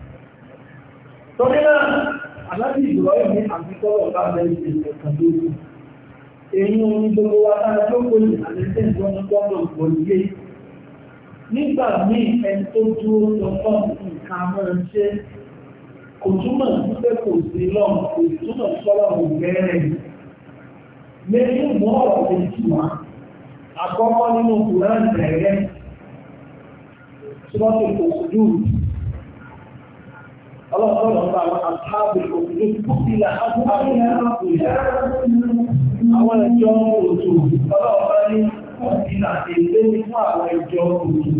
torí náà alábì ìgbọ̀rọ̀ ní àfikọ́rọ̀ bá bẹ̀rẹ̀ ìṣẹ̀lẹ̀ kan lórí èyí ni gbogbo wa tára tó kó ní àlẹ́sẹ̀ tó ń gbọ́nà òye nígbà míì ẹni tó dúró lọ́kàn nǹkan máa ń ṣe kò túmọ̀ sí pé kò sí lọ́n kò túmọ̀ sọ́lá òbẹ́rẹ̀ méjì mú ọ̀rọ̀ méjì wá àkọ́kọ́ nínú kùrán bẹ̀rẹ̀ tí wọ́n ti kò dúró ọlọ́run bá àwọn àtàbí òkúrú púpìlà àwọn ẹjọ́ òtò ọlọ́run bá ní púpìlà èlé ní fún àwọn ẹjọ́ òtò kí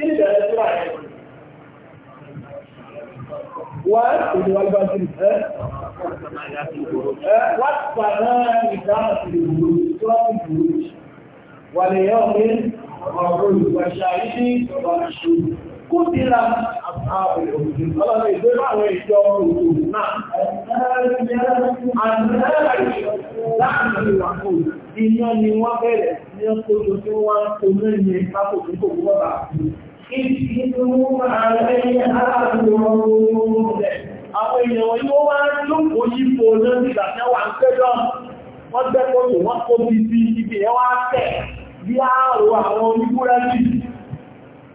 ìbẹ̀rẹ̀ tó rà ẹ̀ wá òní wá gbájú ẹ́ láti pàdá ìdáhà sí ìwòrò tó láti ìwòrò wà lè yọ́ pé ọ̀rọ̀ olùgbàṣà yìí ọ̀rọ̀ ṣòro kúdìrà àbáwẹ̀ òjò ọlọ́nà ìgbé àwọn ìjọ òjò náà iná ni wọ́n bẹ̀rẹ̀ ní ọkọ̀jọ tí wọ́n tó mẹ́rin pápò tó kò wọ́n bá Àwọn èèyàn wọn yóò wá lóòpò yípo náà nígbà tí wà ń pẹ́jọ́ wọ́n gbẹ́kọ̀ọ́ wọ́n kó bí sí ibi ẹwà tẹ̀ bí ààrò àwọn onígbúrẹ́ bíi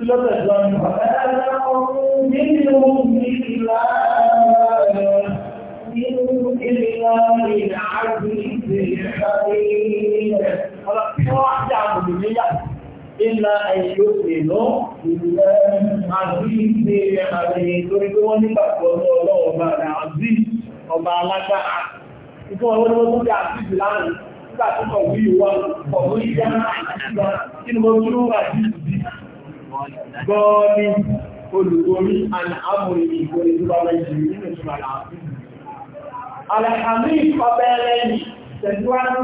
لبدا فلا نقوم منهم إلا منهم إلا العزيز الحميد فرقوا عبد إلا أن يؤمنوا بالله العزيز الحميد تريدون أن تقولوا الله أبا العزيز أبا لكعة Ìjọ́ àwọn ọmọ tó jẹ́ àti ìlànà, nígbà tó kọ̀ wí ìwà ọ̀gbọ̀n ìjẹ́ àti ìgbà, kí ni mo tún àti ìdí? gọ́ọ̀lì olùgorí àmúrí ìgbòrí tó bá rẹ̀ jù nínú ìtura láàrín. Alàhàmí ọbẹ̀ rẹ̀ ní tẹ̀síwájú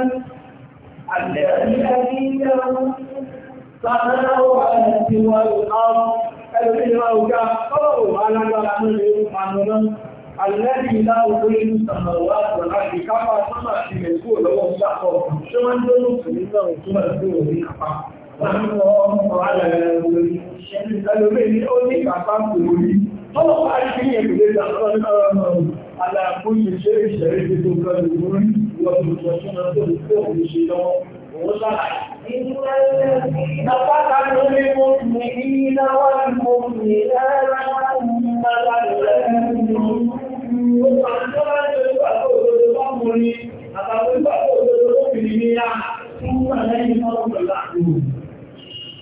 Àlẹ́bí láwọn orí ìsànàwà àtàlá ìkápá sọ́nà ìrẹ̀kú lọ́wọ́ ìyàpọ̀ ṣe wọ́n tó lùsù nígbà òtúmọ̀ sí òní àpapọ̀. Àlàkúnṣe ṣe ìṣẹ̀rí tí tó kọ́ ìwúrí lọ́pùpù ṣọ́ṣọ́nà tó ń fẹ́ òun ṣe lọ́wọ́ òun sára. Ìgbàlápátá ló lé mọ́ ní ìnáwà ìmọ̀ ní ẹ̀rọ ìmọ̀lá ìrẹ́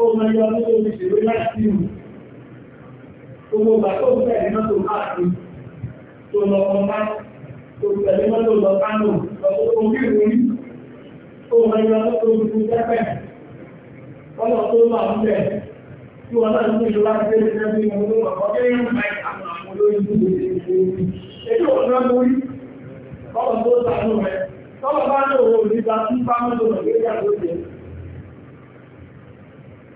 ó mọ ẹyọ ní omi ìṣèlú láti ìlú gbogbo ìgbà tó ń tẹ̀lé náà tó tó lọ ọmọ tó tẹ̀lé náà lọ kánò lọ́wọ́ tó ń rí ìròyìn ó mọ ẹyọ ní omi ìṣèlú tẹ́fẹ̀ ọlọ́ tó wà ń bẹ̀ tí wọn náà ń gbèsè láti tẹ̀lé náà bí wọn ló wà kọ́ kí ẹ̀yìn máa ń àwọn àwọn olóyún tó lè ṣe é èyí ò náà lórí ọlọ́ tó sànú rẹ̀ tọ́lọ́ bá ní òun ò ní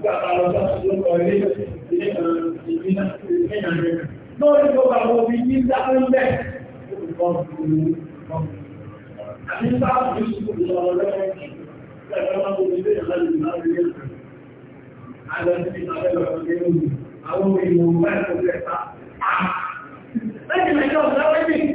gbàgbà tó lọ́kọ̀ ilé ilé ìgbìnà ìgbìnà rẹ̀. àwọn omi ní ìdáhùn ń bẹ̀. Àti sáà fi ṣùgbọ́n lọ́wọ́ lọ́wọ́ pẹ̀lú ọmọ orílẹ̀ ìlànà ìlànà Àwọn ìwọ̀n bá ẹ̀kọ́ lẹ́ta. Lẹ́yìn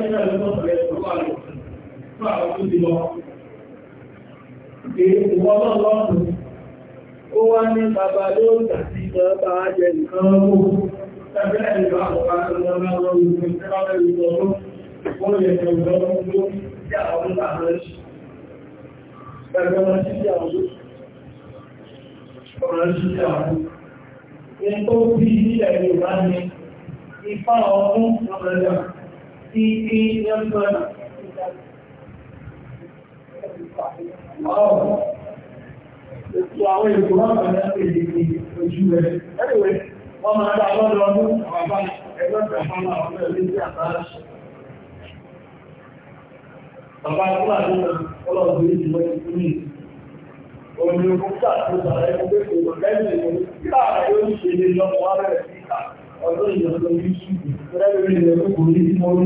ìdájọ́ àwọn fún àwọn tó ti lọ. Èèwọ̀ ọlọ́run ó wá ní bàbá ló ń tà sí ìjọba ajẹ nǹkan mú. Tàbí ẹ̀rọ àwọn akọ̀lọ́rọ̀ ọlọ́run tó títí lọ́sọ̀nà. Ọ̀rọ̀ ètò àwọn ètò máa bàrẹ̀ èdè ní ojú rẹ̀. Anyway, wọ́n máa dá lọ́dọ̀ ọdún Omi òkúta tó sàrẹ́ ẹgbẹ́ ìgbẹ̀rẹ̀ lẹ́yìn ìwọ̀n tí ààrẹ yóò ṣe lé lọ́pọ̀ wárẹ̀ sí ọdún ìyọ̀dọ̀ yìí ṣùgbọ́n rẹ́rìn ilẹ̀ máa ń pamọ́. Àwọn lọ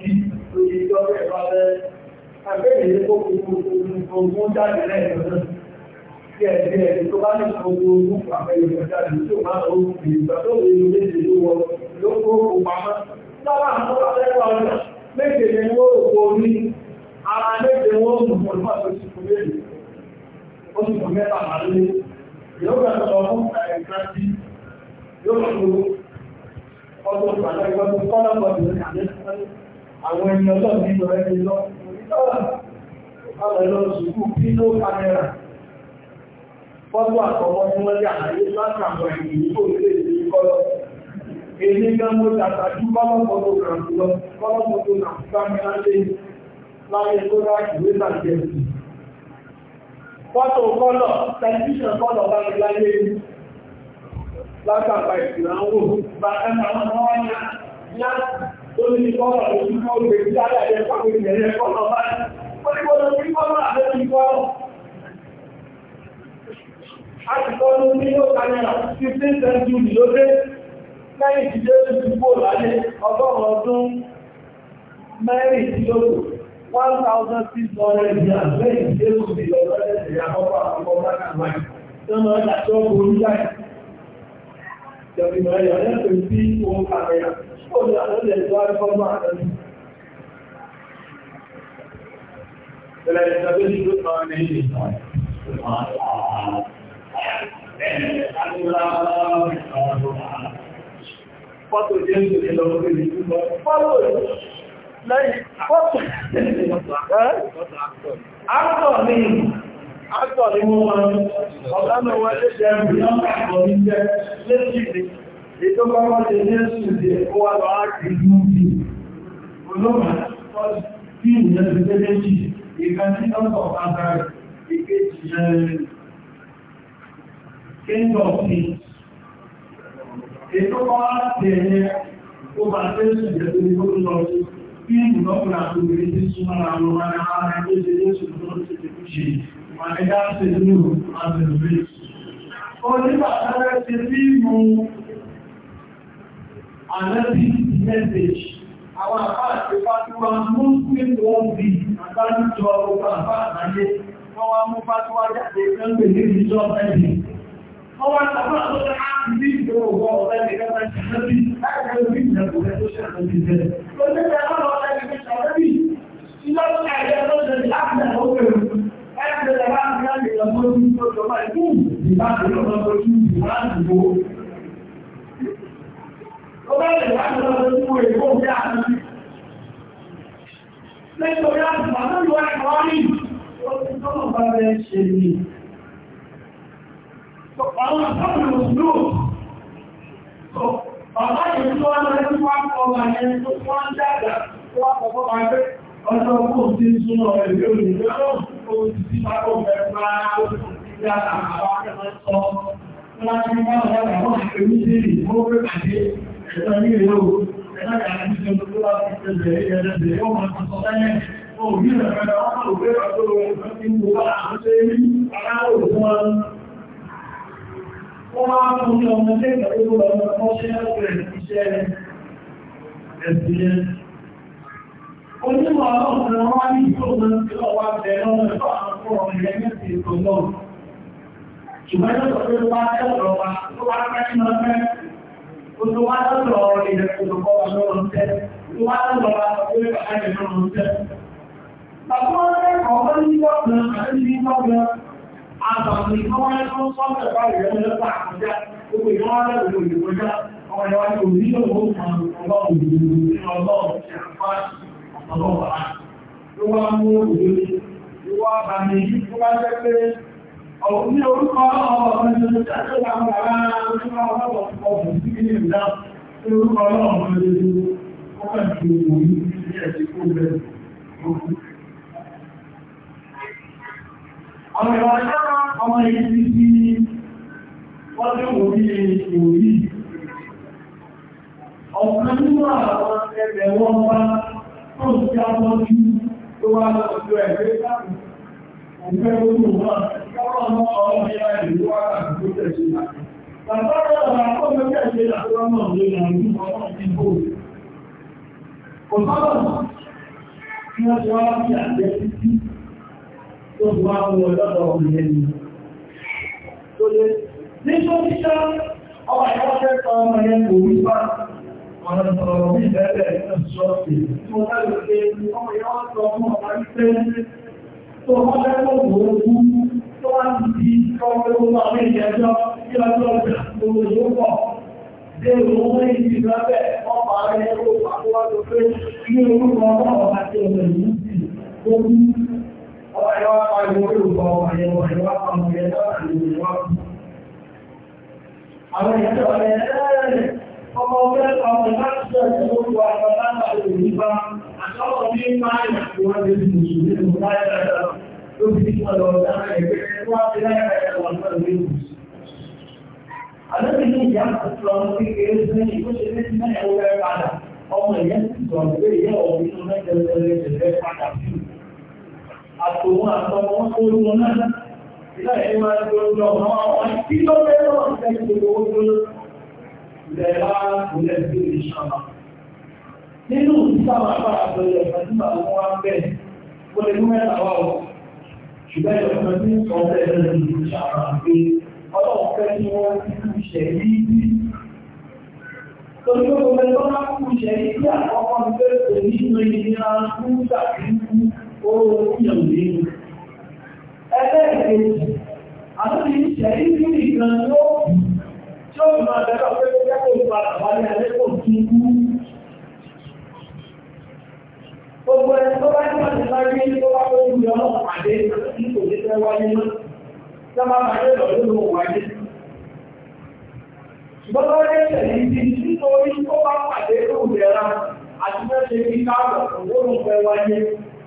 sí lórí ìjọ ẹ̀rọ alẹ́ abẹ́rẹ́ tó kókó ogun jáde lẹ́yìn náà. Bí ẹ̀jẹ̀ ẹ̀jẹ̀ tó bá ní gbogbo ogun àbẹ̀yẹ̀ jáde ló kó kò pamọ́. Lọ́wọ́ àwọn ọlọ́lẹ́wọ̀ ọ̀nà méje ni wọ́n rò kó ní ara méje wọ́n mú mọ́ nípa tó ti fún méje. Ó ti fún mẹ́ta màlúlé. Yóò bẹ̀rẹ̀ lọ fún ẹ̀ka sí yóò fún ọdún ìgbàlẹ́gbẹ́ tó kọ́ lọ́pọ̀ àwọn ẹni ọlọ́ọ̀dún ìgbọ̀rẹ́ ti lọ. Àwọn ìgbìyànjú ele èyí gan mo dàgbà ju kọ́lọ́pọ̀ tó rà lọ kọ́lọ́pọ̀ tó lá gbámilá lé láyé tó rà ìwé tàbí fọ́tò kọ́lọ̀ tẹlifíṣàn kọ́lọ̀ bá mi láyé látàgbà ìsìnàwó bá ẹmà ọmọ ọ̀yá láti tó ní kọ́lọ̀ lójú kọ́ ògbè tí aláàrẹ pàpẹ ìrẹ̀lẹ̀ kọ́lọ̀ bá ní kọ́lọ̀ ní kọ́lọ̀ àbẹ́bí kọ́lọ̀ a ti kọ́ ní ó kàrẹ́rà 15 century lóde 我放老钟买一个，一万零七百元。买一个故事书，咧是啊，好啊，你讲得咁快，因为入咗管制，入面咪有一对蝙蝠拍嚟啊，我哋啊，咧就系放慢啦，就系特别好睇嘅。fọ́tò jẹ́ ìlú Àtọ̀ ni mo máa ọ̀dánà wọ́n lè jẹ́ ìrìnà àpọ̀ ní jẹ́ lẹ́sìdì, ètò kọ́kọ́ jẹ ní ẹ̀sùdì ẹ̀kọ́ wà lọ áàkì ìlú bí. Olóòmà tọ́ sí ìyẹn ti ètò kọ́wàá láti ẹ̀yẹ ó bá tẹ́ ìṣẹ̀lẹ̀ tó ní kókó lọ sí bí ìmúlọ́pùnà tó bèèrè tí súnmọ́ àwọn ọmọ ara tó ṣe yóò ṣe lọ́wọ́ ṣe ti kú ṣe wà ní dáṣẹ́ nínú àbẹ̀lẹ̀ ó nígbà tẹ́lẹ̀ ti rí mu àlẹ́bí mẹ́sẹ̀jì àwọn àbá àti fátíwá muslim wọ́n bí àtàlùjọ ọgbà àbá àgbáyé wọ́n wá mú fátíwá jáde kẹ́ńgbè ní ìjọ ẹ̀dìn ọwọ́ àtàwọn àtọ́jọ́ àti bí ìjọba àwọn ìfọ́nà òṣìlò ọ̀pá ìlú wọn lọ sí wọ́n kọ́ wà ní ẹni tó wọ́n dàgbà wọ́n kọ̀kọ́ máa gbé ọjọ́ kó sí súnmọ́ ẹ̀lẹ́ òyìnbó ó ti sí pápọ̀ mẹ́fà ó ti sí dára àwọn akẹ́kọ̀ọ́ sọ láti bá wọn lọ́wọ́ ẹ̀mí sí ìwọ́n pé pàdé ẹ̀sọ́ ní ìlú ẹ̀sọ́ ìyàrá ti ṣe olùkọ́ láti ṣẹlẹ̀ ẹ̀ẹ́dẹ̀ẹ̀dẹ̀ ó máa sọ sẹ́yìn òun yìí rẹ̀ fẹ́ wọ́n máa ń mú ní ọmọ lẹ́gbẹ̀ẹ́ tó lọ lọ mọ́ ṣe ẹgbẹ̀rẹ̀ iṣẹ́ ẹ̀sìnlẹ̀. Onímọ̀ ọlọ́run wá ní ìṣòro tí ó wá bẹ̀ lọ́nà ẹ̀fọ́ àwọn ọmọ ilẹ̀ mẹ́sì ètò náà. Ṣùgbọ́n yóò sọ pé wá tẹ́lọ̀ wá tó wá àtàkùn ìkọ́wọ́n tó ń sọ́pẹ̀ báyìí rẹ̀ lọ́pàá àkọjá gbogbo ìwọ́n rẹ̀ gbogbo ìgbòjá ọmọ ìwọ́n ni òmìnira òun kan ọlọ́run òdòdó ní ọlọ́run ti àpá ọlọ́run bàbá ló wá mú òdòdó ló wá bà mí ló wá jẹ́ pé ọ̀hún ní orúkọ ọlọ́run ọmọ ìjọba tó wà ń bàbá tó wà ọlọ́run ọkùnrin sí ní ìdá tó orúkọ ọlọ́run ọmọ ìjọba ó kàn ju òun ní ẹ̀sìn kó bẹ̀rẹ̀ àwọn ìwà ṣára ọmọ ìlú sí wọ́n tí ó rí ìwòrí ọ̀pọ̀ nínú àwọn ẹgbẹ̀ wọn wá tó ń tí a mọ́ jú tó wá lọ́jọ́ ẹgbẹ́ sáàrùn ẹgbẹ́ ogun wọn kọ́rọ̀ mọ́ ọmọ ìyá ìlú wá àti tó tẹ̀sí láti Bàbá ọ̀rọ̀ àkọ́kọ́ tẹ̀sí láti rọ́nà lórí àwọn ìlú ọmọ ìbò. Kò sọ́rọ̀ tí wọ́n ti wá láti àjẹ́ títí tó wá ọmọ ẹni. ọmọ ẹ̀wọ́n fẹ́ sọ ọmọ yẹn kò rí bá ọ̀nà sọ̀rọ̀ mí bẹ́ẹ̀ náà ṣọ́ọ̀tì tí wọ́n bá lè ṣe ọmọ ẹ̀wọ́n sọ ọmọ ọmọ ìpẹ́ tó wọ́n fẹ́ mọ̀ òògùn tó wá ti Àwọn ọmọ ọgbẹ́ ọmọ ìbáṣẹ́ ìlú àwọn ọ̀pá nínú láyé ẹ̀rọ tó fi ní ọ̀dọ̀ ọ̀dá ẹgbẹ́ wọ́n ti láyé ẹ̀rọ wọ́n tó rí ìrìnàjò. Àlọ́bìnrin ìyá àti ọmọ kékeré sí ní ìgbóṣe ní ìmẹ́ ẹ̀wọ́ rẹ̀ àtòwọn àtọmọ wọn náà ilé máa ń tó lọ mọ àwọn tí ló fẹ́ lọ́wọ́ sí ẹni tó lówó tó lẹ̀ bá ìlẹ̀ sí ìṣàmà nínú ìsáwà tí ó kú ohun ìyàwó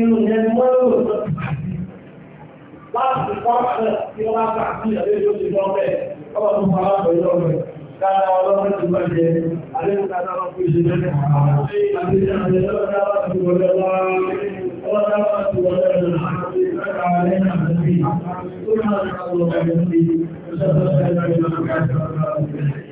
irun yẹn wọ́n lò lọ láti kọ́ àlẹ́ tí wọ́n bá kà sí ẹ̀rẹ́ yóò ti lọ́ bẹ́ẹ̀ tó fara pẹ̀lú ọ̀rẹ́ dáadáa ọlọ́run ti máa jẹ alẹ́ nígbà náà lọ́kọ́ ìṣẹ́ jẹ́ àti ìṣẹ́ àti ìṣẹ́ ọlọ́run ti wọlé wá ọlọ́run ti wọlé lọ àti ìṣẹ́ àlẹ́ náà lọ́kọ́ ìṣẹ́ tó máa ń sọ ọ̀rẹ́ sí ìṣẹ́ tó ṣẹlẹ̀ lọ́kọ́